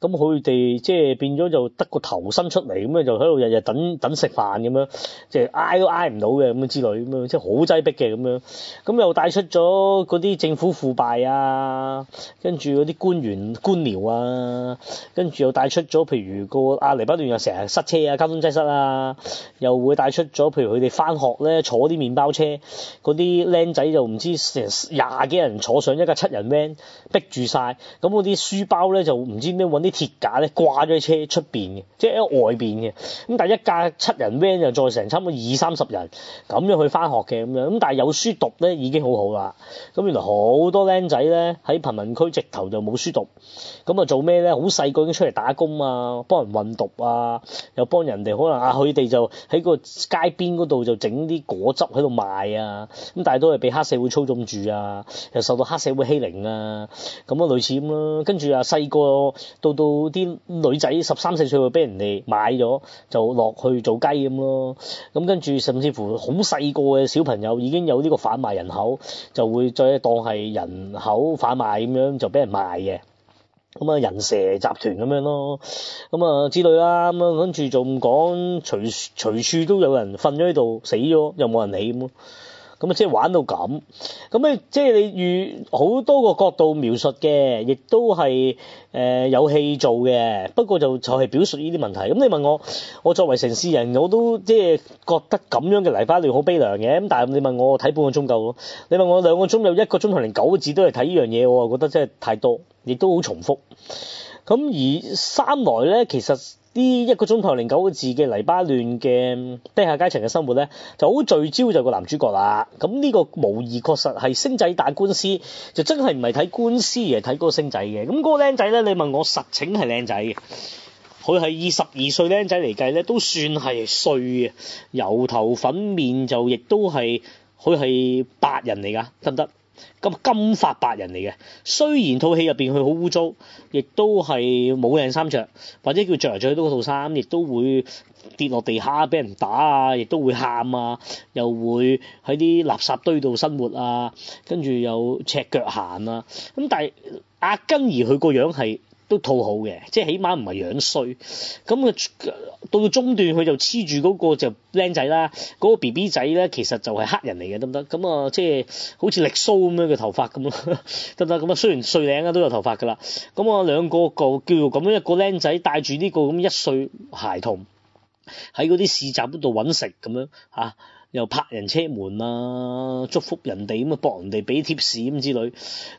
咁佢哋即係變咗就得個頭伸出嚟，咁樣就喺度日日等等食飯咁樣，即係挨都挨唔到嘅咁樣之類咁樣，即係好擠迫嘅咁樣，咁又帶出咗嗰啲政府腐敗啊，跟住嗰啲官員官僚啊，跟住又帶出咗譬如、個阿、啊、黎巴嫩又成日塞車啊，交通擠塞啊，又會帶出咗譬如佢哋翻學咧坐啲麵包車，嗰啲僆仔就唔知成廿幾人坐上一架七人 van，逼住晒，咁啲書包咧就唔知咩揾啲。啲鐵架咧掛咗喺車出邊嘅，即係喺外邊嘅。咁但係一架七人 van 就載成差唔多二三十人咁樣去翻學嘅咁樣。咁但係有書讀咧已經好好啦。咁原來好多僆仔咧喺貧民區直頭就冇書讀。咁啊做咩咧？好細個已經出嚟打工啊，幫人運毒啊，又幫人哋可能啊佢哋就喺個街邊嗰度就整啲果汁喺度賣啊。咁但係都係畀黑社會操縱住啊，又受到黑社會欺凌啊。咁啊類似咁咯、啊。跟住啊細個到。到啲女仔十三四歲就俾人哋買咗，就落去做雞咁咯。咁跟住甚至乎好細個嘅小朋友已經有呢個販賣人口，就會再當係人口販賣咁樣就俾人賣嘅。咁啊人蛇集團咁樣咯，咁啊之類啦。咁跟住仲講隨隨處都有人瞓咗喺度死咗，又冇人理咁咯。咁啊，即係玩到咁，咁即係你與好多個角度描述嘅，亦都係誒有戲做嘅。不過就就係表述呢啲問題。咁你問我，我作為城市人，我都即係覺得咁樣嘅泥巴亂好悲涼嘅。咁但係你問我睇半個鐘夠咯？你問我兩個鐘有，一個鐘頭連九個字都係睇呢樣嘢，我覺得真係太多，亦都好重複。咁而三來咧，其實。呢一個鐘頭零九個字嘅黎巴嫩嘅低下階層嘅生活咧，就好聚焦就個男主角啦。咁呢個無疑確實係星仔打官司，就真係唔係睇官司而係睇個升、那個星仔嘅。咁個個僆仔咧，你問我實情係靚仔嘅，佢係二十二歲僆仔嚟計咧，都算係衰嘅，油頭粉面就亦都係，佢係白人嚟噶，得唔得？咁金髮白人嚟嘅，雖然套戲入邊佢好污糟，亦都係冇靚衫着，或者叫着嚟着去都嗰套衫，亦都會跌落地下俾人打啊，亦都會喊啊，又會喺啲垃圾堆度生活啊，跟住又赤腳行啊，咁但係阿根兒佢個樣係。都套好嘅，即係起碼唔係樣衰。咁啊，到中段佢就黐住嗰個就僆仔啦，嗰個 B B 仔咧其實就係黑人嚟嘅，得唔得？咁啊，即係好似力蘇咁樣嘅頭髮咁咯，得唔得？咁啊，雖然碎領啊都有頭髮噶啦。咁啊，兩個個叫做咁樣一個僆仔帶住呢個咁一歲孩童喺嗰啲市集度揾食咁樣吓。又拍人車門啊，祝福人哋咁啊，博人哋俾貼士咁之類，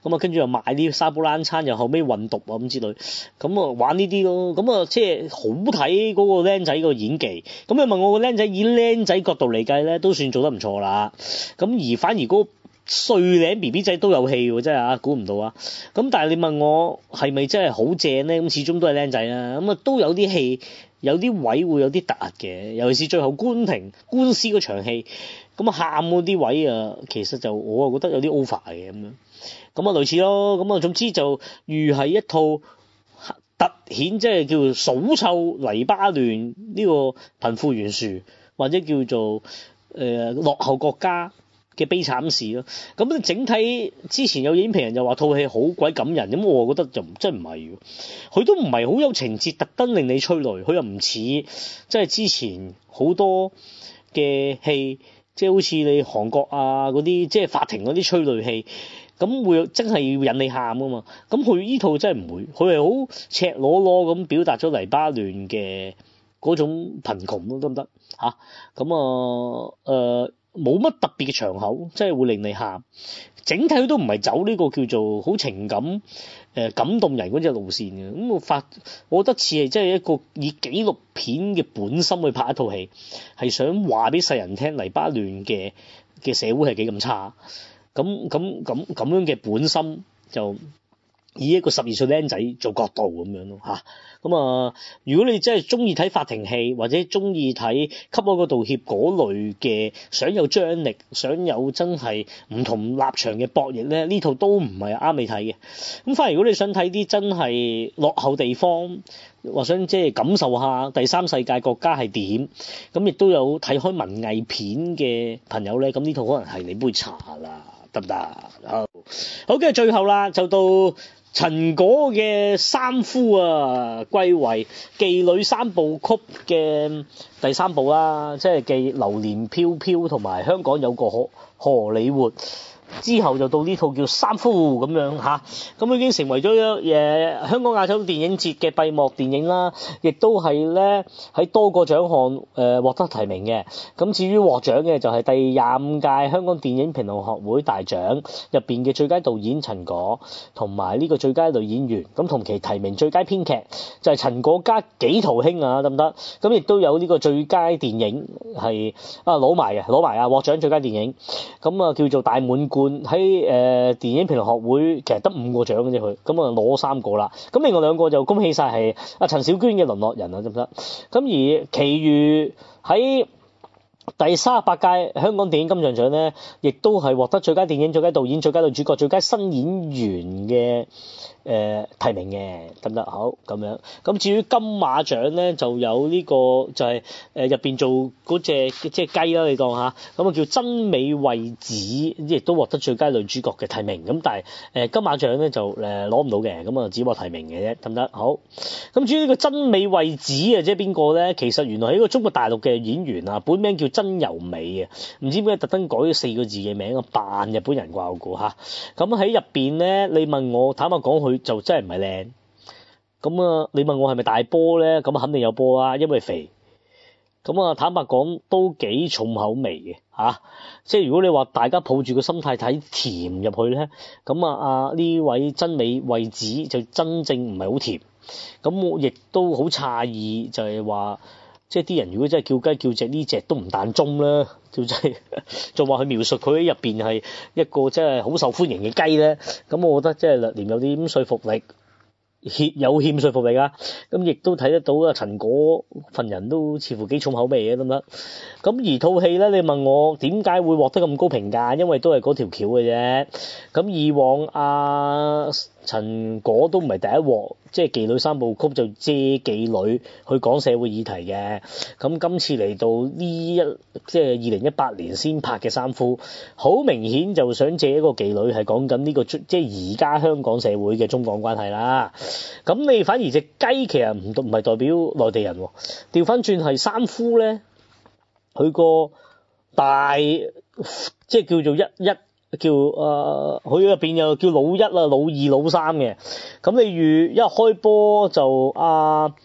咁啊，跟住又買啲沙布冷餐，又後尾運毒啊咁之類，咁啊玩呢啲咯，咁啊即係好睇嗰個靚仔個演技，咁你問我個靚仔以靚仔角度嚟計咧，都算做得唔錯啦。咁而反而嗰碎靚 B B 仔都有戲喎，真係啊，估唔到啊。咁但係你問我係咪真係好正咧？咁始終都係靚仔啦，咁啊都有啲戲。有啲位會有啲突嘅，尤其是最後官庭官司嗰場戲，咁啊喊嗰啲位啊，其實就我啊覺得有啲 over 嘅咁樣，咁啊類似咯，咁啊總之就如係一套凸顯即係叫做數臭黎巴嫩呢個貧富懸殊，或者叫做、呃、落後國家。嘅悲慘事咯，咁整體之前有影評人又話套戲好鬼感人，咁我覺得就真係唔係，佢都唔係好有情節，特登令你催淚，佢又唔似即係之前好多嘅戲，即係好似你韓國啊嗰啲，即係法庭嗰啲催淚戲，咁會有真係要引你喊啊嘛，咁佢依套真係唔會，佢係好赤裸裸咁表達咗黎巴嫩嘅嗰種貧窮咯，得唔得嚇？咁啊誒。冇乜特別嘅場口，即係會令你喊。整體佢都唔係走呢個叫做好情感、呃、感動人嗰隻路線嘅。咁我發我覺得似係即係一個以紀錄片嘅本心去拍一套戲，係想話俾世人聽黎巴嫩嘅嘅社會係幾咁差。咁咁咁咁樣嘅本心就。以一個十二歲僆仔做角度咁樣咯，吓，咁啊，如果你真係中意睇法庭戲或者中意睇給我個道歉嗰類嘅，想有張力、想有真係唔同立場嘅博弈咧，呢套都唔係啱你睇嘅。咁反而如果你想睇啲真係落後地方，或想即係感受下第三世界國家係點，咁亦都有睇開文藝片嘅朋友咧，咁呢套可能係你杯茶啦，得唔得？Hello. 好，好嘅，最後啦，就到。陳果嘅三夫啊，歸為《妓女三部曲》嘅第三部啦，即係《榴槤飄飄》同埋香港有個荷荷里活。之後就到呢套叫《三夫》咁樣嚇，咁已經成為咗誒、yeah, 香港亞洲電影節嘅閉幕電影啦，亦都係咧喺多個獎項誒獲得提名嘅。咁至於獲獎嘅就係第廿五屆香港電影評論學會大獎入面嘅最佳導演陳果，同埋呢個最佳女演員。咁同期提名最佳編劇就係陳果加幾陶兄啊得唔得？咁亦都有呢個最佳電影係啊攞埋嘅攞埋啊獲獎最佳電影。咁啊叫做大滿貫喺誒電影評論學會，其實得五個獎嘅啫，佢咁我就攞三個啦，咁另外兩個就恭喜晒係阿陳小娟嘅《淪落人》啊，得唔得？咁而其餘喺第三十八屆香港電影金像獎咧，亦都係獲得最佳電影、最佳導演、最佳女主角、最佳新演員嘅。誒、呃、提名嘅，得唔得？好，咁樣。咁至於金馬獎咧，就有呢、這個就係、是、入、呃、面做嗰隻即係雞啦，你當下咁啊叫真美惠子，亦都獲得最佳女主角嘅提名。咁但係、呃、金馬獎咧就攞唔、呃、到嘅，咁啊只獲提名嘅啫，得唔得？好。咁至於呢個真美惠子啊，即係邊個咧？其實原來係一個中國大陸嘅演員啊，本名叫真由美啊。唔知點解特登改咗四個字嘅名扮日本人掛，我估下咁，喺入面咧，你問我，坦白講佢就真係唔係靚，咁啊，你問我係咪大波咧？咁肯定有波啊，因為肥，咁啊，坦白講都幾重口味嘅吓、啊。即係如果你話大家抱住個心態睇甜入去咧，咁啊啊呢位曾美慧孜就真正唔係好甜，咁我亦都好詫異，就係話。即係啲人如果真係叫雞叫隻呢隻都唔彈鐘啦，叫真係話佢描述佢喺入面係一個真係好受歡迎嘅雞咧，咁我覺得即係連有啲咁説服力欠有欠説服力啊。咁亦都睇得到啊，陳果份人都似乎幾重口味嘅咁得？咁而套戲咧，你問我點解會獲得咁高評價，因為都係嗰條橋嘅啫，咁以往啊。陳果都唔係第一鑊，即係妓女三部曲就借妓女去講社會議題嘅。咁今次嚟到呢一即係二零一八年先拍嘅《三夫》，好明顯就想借一個妓女係講緊呢個即係而家香港社會嘅中港關係啦。咁你反而隻雞其實唔唔係代表內地人喎，調翻轉係《三夫》咧，佢個大即係叫做一一。叫誒佢入邊又叫老一啊，老二、老三嘅，咁你如一開波就啊。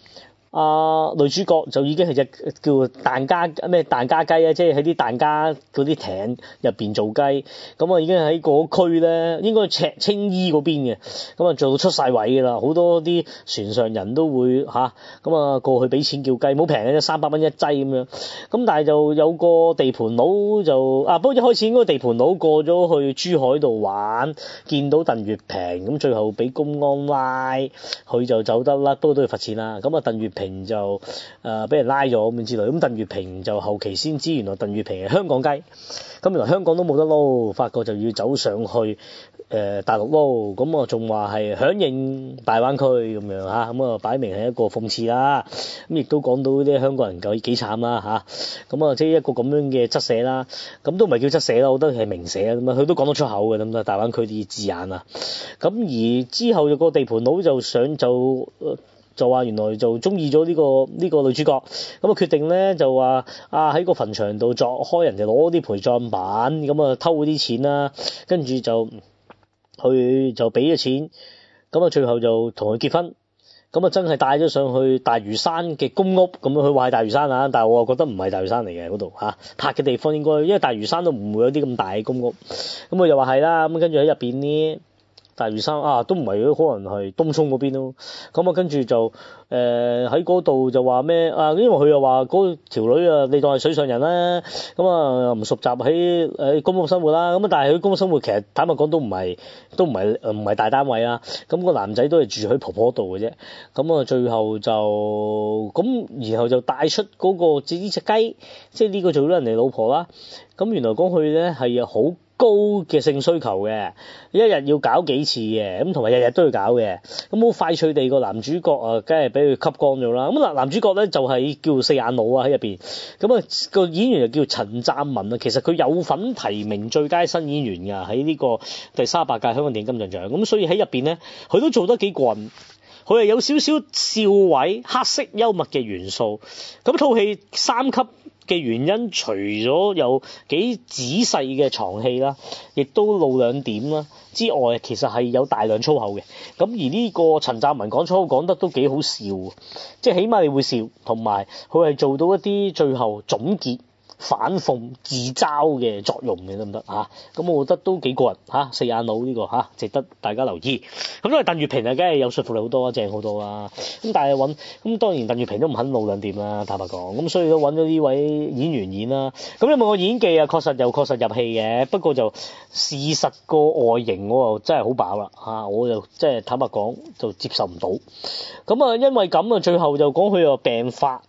啊、呃，女主角就已經係隻叫蛋家咩蛋家雞啊，即係喺啲蛋家嗰啲艇入邊做雞。咁啊，已經喺個區咧，應該赤青衣嗰邊嘅。咁啊，做到出晒位㗎啦，好多啲船上人都會吓。咁啊，過去俾錢叫雞，冇平嘅啫，三百蚊一劑咁樣。咁但係就有個地盤佬就啊，不過一開始應該地盤佬過咗去珠海度玩，見到鄧月平咁，最後俾公安拉，佢就走得啦。不過都要罰錢啦。咁啊，鄧月平。就誒俾、呃、人拉咗咁之類，咁鄧月平就後期先知，原來鄧月平係香港雞，咁原來香港都冇得撈，發覺就要走上去、呃、大陸撈，咁我仲話係響應大灣區咁樣。咁啊，擺明係一個諷刺啦，咁亦都講到啲香港人究竟幾慘啦咁啊，啊即係一個咁樣嘅側寫啦，咁都唔係叫側寫啦，我覺得係明寫，咁佢都講得出口嘅咁大灣區啲字眼啊，咁而之後個地盤佬就想就。就話原來就中意咗呢個呢個女主角，咁啊決定咧就話啊喺個墳場度作開人哋攞啲陪葬品，咁啊偷啲錢啦，跟住就去就俾咗錢，咁啊最後就同佢結婚，咁啊真係帶咗上去大嶼山嘅公屋，咁樣佢話係大嶼山啊，但係我又覺得唔係大嶼山嚟嘅嗰度拍嘅地方應該，應該因為大嶼山都唔會有啲咁大嘅公屋，咁佢又話係啦，咁跟住喺入邊呢。大嶼山啊，都唔係，可能係東涌嗰邊咯。咁啊，跟住就誒喺嗰度就話咩啊？因為佢又話嗰條女啊，你當係水上人啦。咁啊，唔、啊啊、熟習喺誒公屋生活啦、啊。咁啊，但係喺公屋生活其實坦白講都唔係，都唔係唔係大單位啊。咁、啊個男仔都係住喺婆婆度嘅啫。咁啊，啊，最後就咁、啊，然後就帶出嗰、個即呢隻雞，即係呢個做咗人哋老婆啦、啊。咁、啊啊、原來講佢咧係好。高嘅性需求嘅，一日要搞幾次嘅，咁同埋日日都要搞嘅，咁好快脆地個男主角啊，梗係俾佢吸光咗啦。咁男男主角咧就係、是、叫四眼佬啊喺入邊，咁、那、啊個演員就叫陳湛文啊。其實佢有份提名最佳新演員㗎喺呢個第三十八屆香港電影金像獎，咁所以喺入邊咧，佢都做得幾過人。佢係有少少，少笑位，黑色幽默嘅元素。咁套戲三級嘅原因，除咗有幾仔細嘅牀戲啦，亦都露兩點啦之外，其實係有大量粗口嘅。咁而呢個陳湛文講粗口講得都幾好笑，即係起碼你會笑，同埋佢係做到一啲最後總結。反諷自嘲嘅作用嘅，得唔得啊？咁我覺得都幾過人，嚇、啊，四眼佬呢、呢個嚇、啊、值得大家留意。咁因為鄧月平啊，梗係有説服力好多，正好多啊。咁但係揾咁當然鄧月平都唔肯露兩點啦，坦白講。咁所以都揾咗呢位演員演啦。咁你問我演技啊，確實又確實入戲嘅。不過就事實個外形我真係好飽啦嚇，我就即係、啊、坦白講就接受唔到。咁啊，因為咁啊，最後就講佢個病發。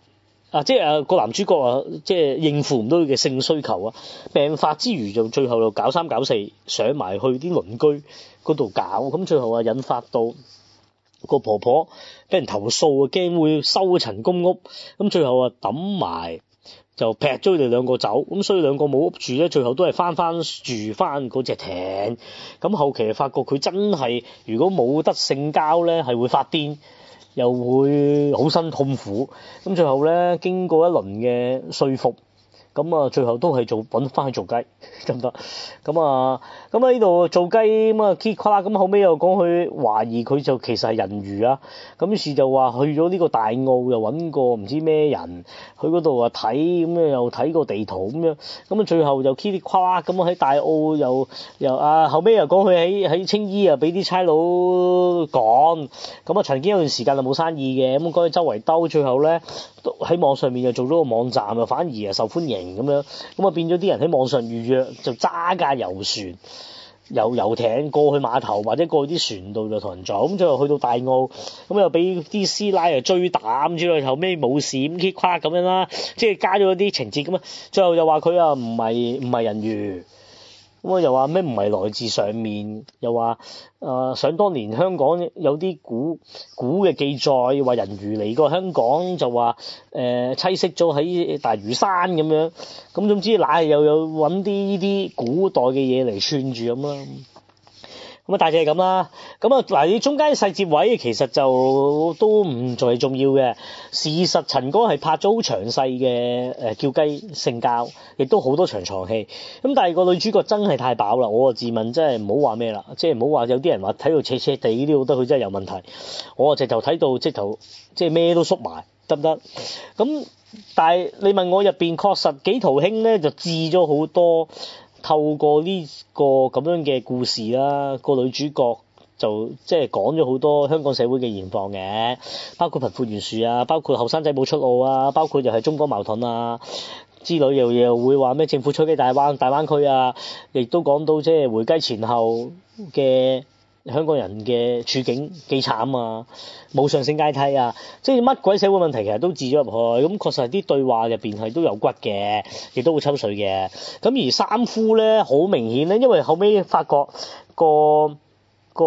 嗱，即係誒個男主角啊，即係應付唔到佢嘅性需求啊，病發之餘就最後又搞三搞四，上埋去啲鄰居嗰度搞，咁最後啊引發到個婆婆俾人投訴啊，驚會收層公屋，咁最後啊抌埋就劈咗佢哋兩個走，咁所以兩個冇屋住咧，最後都係翻翻住翻嗰隻艇，咁後期啊發覺佢真係如果冇得性交咧，係會發癲。又會好生痛苦，咁最後咧，經過一輪嘅說服。咁啊，最後都係做揾翻去做雞得唔得？咁啊，咁啊呢度做雞咁啊噼里 t 啦，咁後尾又講佢懷疑佢就其實係人魚啊。咁於是就話去咗呢個大澳又揾過唔知咩人，去度啊睇，咁樣又睇個地圖咁樣咁啊，最後又噼里 t 啦 y 咁啊喺大澳又又啊，後尾又講佢喺喺青衣啊，俾啲差佬講咁啊，曾經有段時間就冇生意嘅，咁講起周圍兜，最後咧都喺網上面又做咗個網站，啊反而啊受歡迎。咁樣，咁啊變咗啲人喺網上預約，就揸架遊船、遊遊艇過去碼頭，或者過去啲船度就同人撞。咁最後去到大澳，咁又俾啲師奶又追打咁之類。後尾冇事咁，K K 咁樣啦，即係加咗啲情節咁啊。最後又話佢啊，唔係唔係人魚。又話咩？唔係來自上面，又話誒、呃，想當年香港有啲古古嘅記載，話人魚嚟過香港就話，就話誒，棲息咗喺大嶼山咁樣。咁總之，嗱又有搵啲呢啲古代嘅嘢嚟串住咁樣。咁啊，大致係咁啦。咁啊，嗱，你中間啲細節位其實就都唔再重要嘅。事實陳哥係拍咗好詳細嘅叫雞性交，亦都好多場床戲。咁但係個女主角真係太飽啦，我啊自問真係唔好話咩啦，即係唔好話有啲人話睇到斜斜哋，我覺得佢真係有問題。我啊直頭睇到，到直頭即係咩都縮埋得唔得？咁但係你問我入面確實幾淘興咧，就治咗好多。透過呢個咁樣嘅故事啦，個女主角就即係講咗好多香港社會嘅現況嘅，包括貧富懸殊啊，包括後生仔冇出路啊，包括又係中港矛盾啊之類，又又會話咩政府吹雞大灣大灣區啊，亦都講到即係回歸前後嘅。香港人嘅處境幾慘啊，冇上升階梯啊，即係乜鬼社會問題其實都置咗入去，咁確實係啲對話入邊係都有骨嘅，亦都會抽水嘅。咁而三夫咧，好明顯咧，因為後尾發覺個個誒、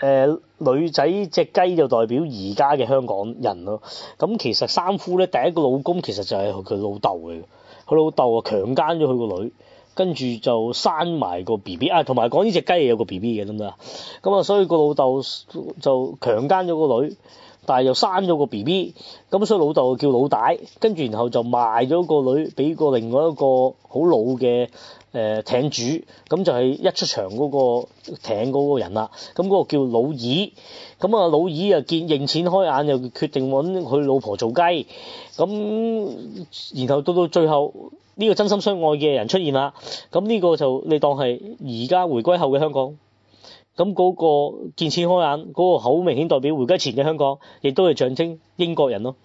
呃、女仔隻雞就代表而家嘅香港人咯。咁其實三夫咧，第一個老公其實就係佢老豆嚟嘅，佢老豆啊強姦咗佢個女。跟住就生埋個 B B 啊，同埋講呢隻雞有個 B B 嘅，咁啊，咁啊，所以個老豆就強姦咗個女，但係又生咗個 B B，咁所以老豆叫老大，跟住然後就賣咗個女俾個另外一個好老嘅誒艇主，咁就係一出場嗰個艇嗰個人啦。咁、那、嗰個叫老二。咁啊老二又見認錢開眼，又決定揾佢老婆做雞，咁然後到到最後。呢、這個真心相愛嘅人出現啦，咁呢個就你當係而家回歸後嘅香港，咁嗰個見錢開眼嗰、那個好明顯代表回歸前嘅香港，亦都係象徵英國人咯。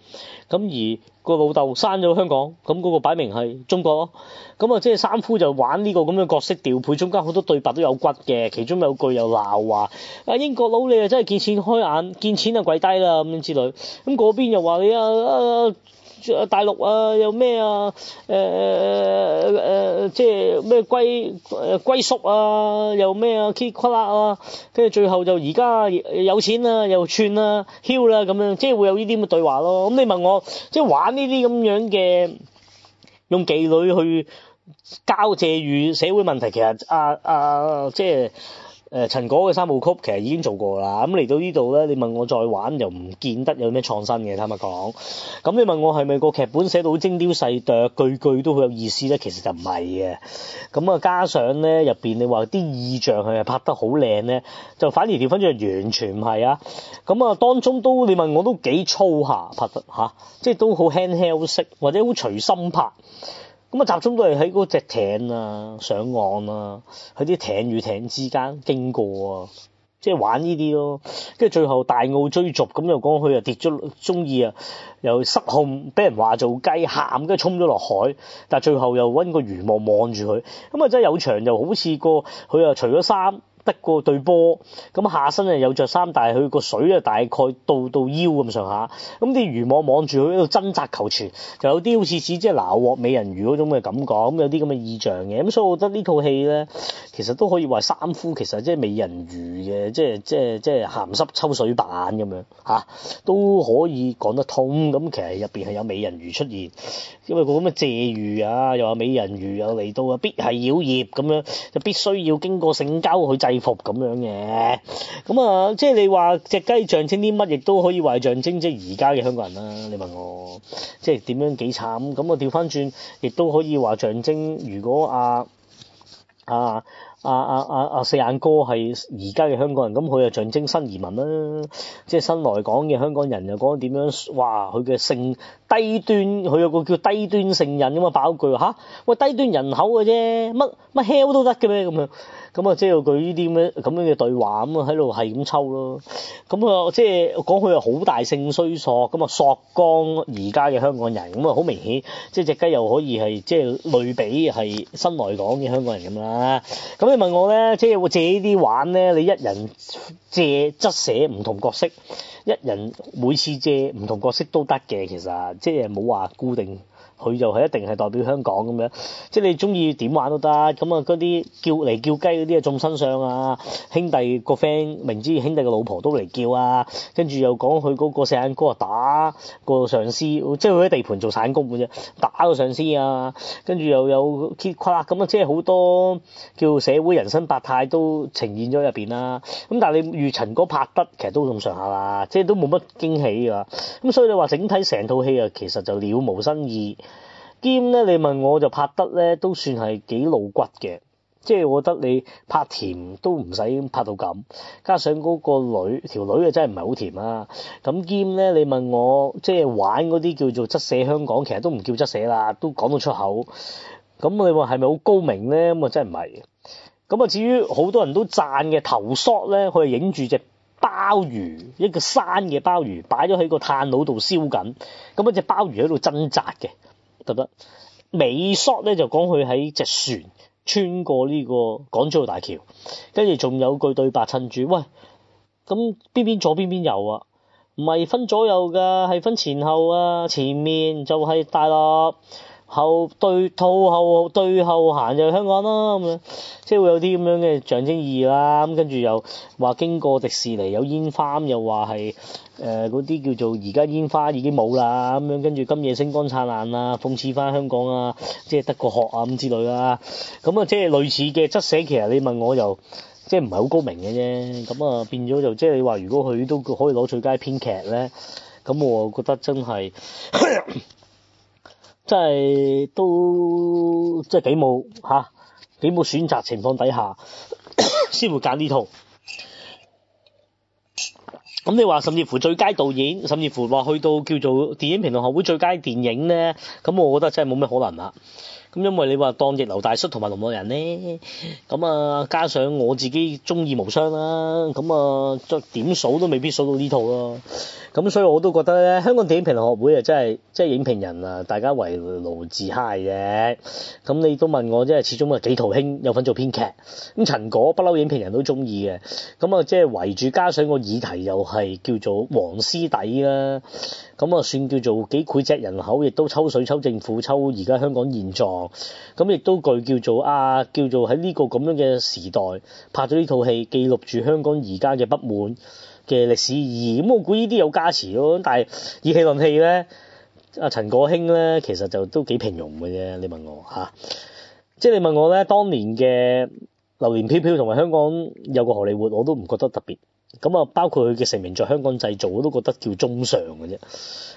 咁而那個老豆生咗香港，咁嗰個擺明係中國咯。咁啊，即係三夫就玩呢個咁嘅角色調配，中間好多對白都有骨嘅，其中有一句又鬧話：啊英國佬，你啊真係見錢開眼，見錢啊鬼低跪低啦咁之類。咁嗰邊又話你啊啊！大陸啊，又咩啊？誒、呃、誒、呃呃、即係咩歸誒、呃、歸宿啊？又咩啊？Kira 啊？跟住、啊、最後就而家有錢啊，又串啊，囂啦咁樣，即係會有呢啲咁嘅對話咯。咁你問我，即係玩呢啲咁樣嘅用妓女去交際與社會問題，其實啊啊，即係。誒、呃、陳果嘅三部曲其實已經做過啦，咁、嗯、嚟到呢度咧，你問我再玩又唔見得有咩創新嘅，坦白講。咁你問我係咪個劇本寫到精雕細琢，句句都好有意思咧？其實就唔係嘅。咁、嗯、啊，加上咧入面你話啲意象係拍得好靚咧，就反而調返咗，完全唔係啊。咁、嗯、啊、嗯，當中都你問我都幾粗下拍得下，即係都好 handheld 式或者好隨心拍。咁啊，集中都係喺嗰隻艇啊，上岸啊，喺啲艇與艇之間經過啊，即係玩呢啲咯。跟住最後大澳追逐咁又講佢又跌咗，中意啊又失控，俾人話做雞喊，跟住衝咗落海。但最後又搵個漁網望住佢，咁啊真係有場就好似個佢啊除咗衫。得個對波，咁下身啊有着衫，但係佢個水啊大概到到腰咁上下，咁啲魚網網住佢喺度掙扎求存，就有啲好似似即係撈獲美人魚嗰種嘅感覺，咁有啲咁嘅意象嘅，咁所以我覺得呢套戲咧，其實都可以話三夫其實即係美人魚嘅，即係即係即係鹹濕抽水板咁樣嚇，都可以講得通。咁其實入邊係有美人魚出現，因為個咁嘅謝魚啊，又話美人魚又嚟到啊，必係妖孽咁樣，就必須要經過性交去制。服咁樣嘅，咁啊，即係你話隻雞象徵啲乜，亦都可以話象徵即係而家嘅香港人啦。你問我，即係點樣幾慘？咁啊，調翻轉亦都可以話象徵。如果啊，啊，啊，啊，啊四眼哥係而家嘅香港人，咁佢又象徵新移民啦，即係新來港嘅香港人又講點樣？哇，佢嘅性低端，佢有個叫低端性人咁嘛，爆句嚇，喂低端人口嘅啫，乜乜 hell 都得嘅咩咁樣。咁啊，即係佢呢啲咁嘅咁樣嘅對話咁啊，喺度係咁抽咯。咁啊，即係講佢好大聲衰索，咁啊，索江而家嘅香港人，咁啊，好明顯，即係隻雞又可以係即係類比係新來港嘅香港人咁啦。咁你問我咧，即係借呢啲玩咧，你一人借則寫唔同角色，一人每次借唔同角色都得嘅，其實即係冇話固定。佢就係一定係代表香港咁樣，即係你中意點玩都得。咁啊，嗰啲叫嚟叫雞嗰啲啊，眾身上啊，兄弟個 friend 明知兄弟個老婆都嚟叫啊，跟住又講佢嗰個四眼哥啊打個上司，即係佢喺地盤做散工嘅啫，打個上司啊，跟住又有揭骨啦咁啊，即係好多叫社會人生百態都呈現咗入面啦。咁但係你遇陳哥拍得，其實都咁上下啦，即係都冇乜驚喜㗎。咁所以你話整體成套戲啊，其實就了無新意。兼咧，你問我就拍得咧，都算係幾露骨嘅。即係我覺得你拍甜都唔使拍到咁。加上嗰個女條女啊，真係唔係好甜啊。咁兼咧，你問我即係玩嗰啲叫做側寫香港，其實都唔叫側寫啦，都講到出口。咁你話係咪好高明咧？咁啊真係唔係。咁啊至於好多人都讚嘅頭索呢，咧，佢係影住隻鮑魚，一個生嘅鮑魚擺咗喺個炭爐度燒緊，咁嗰隻鮑魚喺度掙扎嘅。得得，尾索咧就講佢喺隻船穿過呢個港珠澳大橋，跟住仲有句對白襯住，喂，咁邊邊左邊邊右啊？唔係分左右噶，係分前後啊，前面就係大陸。後對套後對後行就香港啦，咁樣即係會有啲咁樣嘅象徵意義啦。咁跟住又話經過迪士尼有煙花，又話係誒嗰啲叫做而家煙花已經冇啦。咁樣跟住今夜星光燦爛啊，諷刺翻香港啊，即係得個殼啊咁之類啦。咁啊，即係類似嘅質寫，其實你問我又即係唔係好高明嘅啫。咁啊變咗就即係你話，如果佢都可以攞最佳編劇咧，咁我覺得真係。 *coughs* 即係都即係幾冇吓，幾冇選擇情況底下先 *coughs* 會揀呢套。咁你話甚至乎最佳導演，甚至乎話去到叫做電影評論學會最佳電影呢，咁我覺得真係冇咩可能啦。咁因為你話當逆流大叔同埋淪落人咧，咁啊加上我自己中意無雙啦，咁啊再點數都未必數到呢套咯。咁所以我都覺得咧，香港電影評論學會啊，真係即係影評人啊，大家圍爐自嗨嘅。咁你都問我，即係始終啊紀陶兄有份做編劇。咁陳果不嬲，影評人都中意嘅。咁啊即係圍住，加上個議題又係叫做黃絲底啦。咁啊，算叫做幾膾炙人口，亦都抽水、抽政府、抽而家香港現狀。咁亦都據叫做啊，叫做喺呢個咁樣嘅時代拍咗呢套戲，記錄住香港而家嘅不滿嘅歷史意義。咁，我估呢啲有加持咯。但係以戲論戲咧，阿陳國興咧，其實就都幾平庸嘅啫。你問我、啊、即係你問我咧，當年嘅榴槤飄飄同埋香港有個荷里活，我都唔覺得特別。咁啊，包括佢嘅成名作香港製造，我都覺得叫中上嘅啫，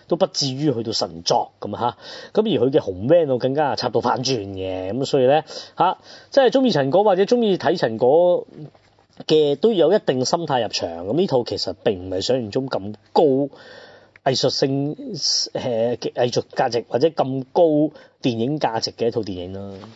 都不至於去到神作咁吓，咁而佢嘅《紅 VAN》更加插到反轉嘅，咁所以咧吓即係中意陳果或者中意睇陳果嘅都有一定心態入場。咁呢套其實並唔係想象中咁高藝術性誒嘅藝術價值或者咁高電影價值嘅一套電影啦。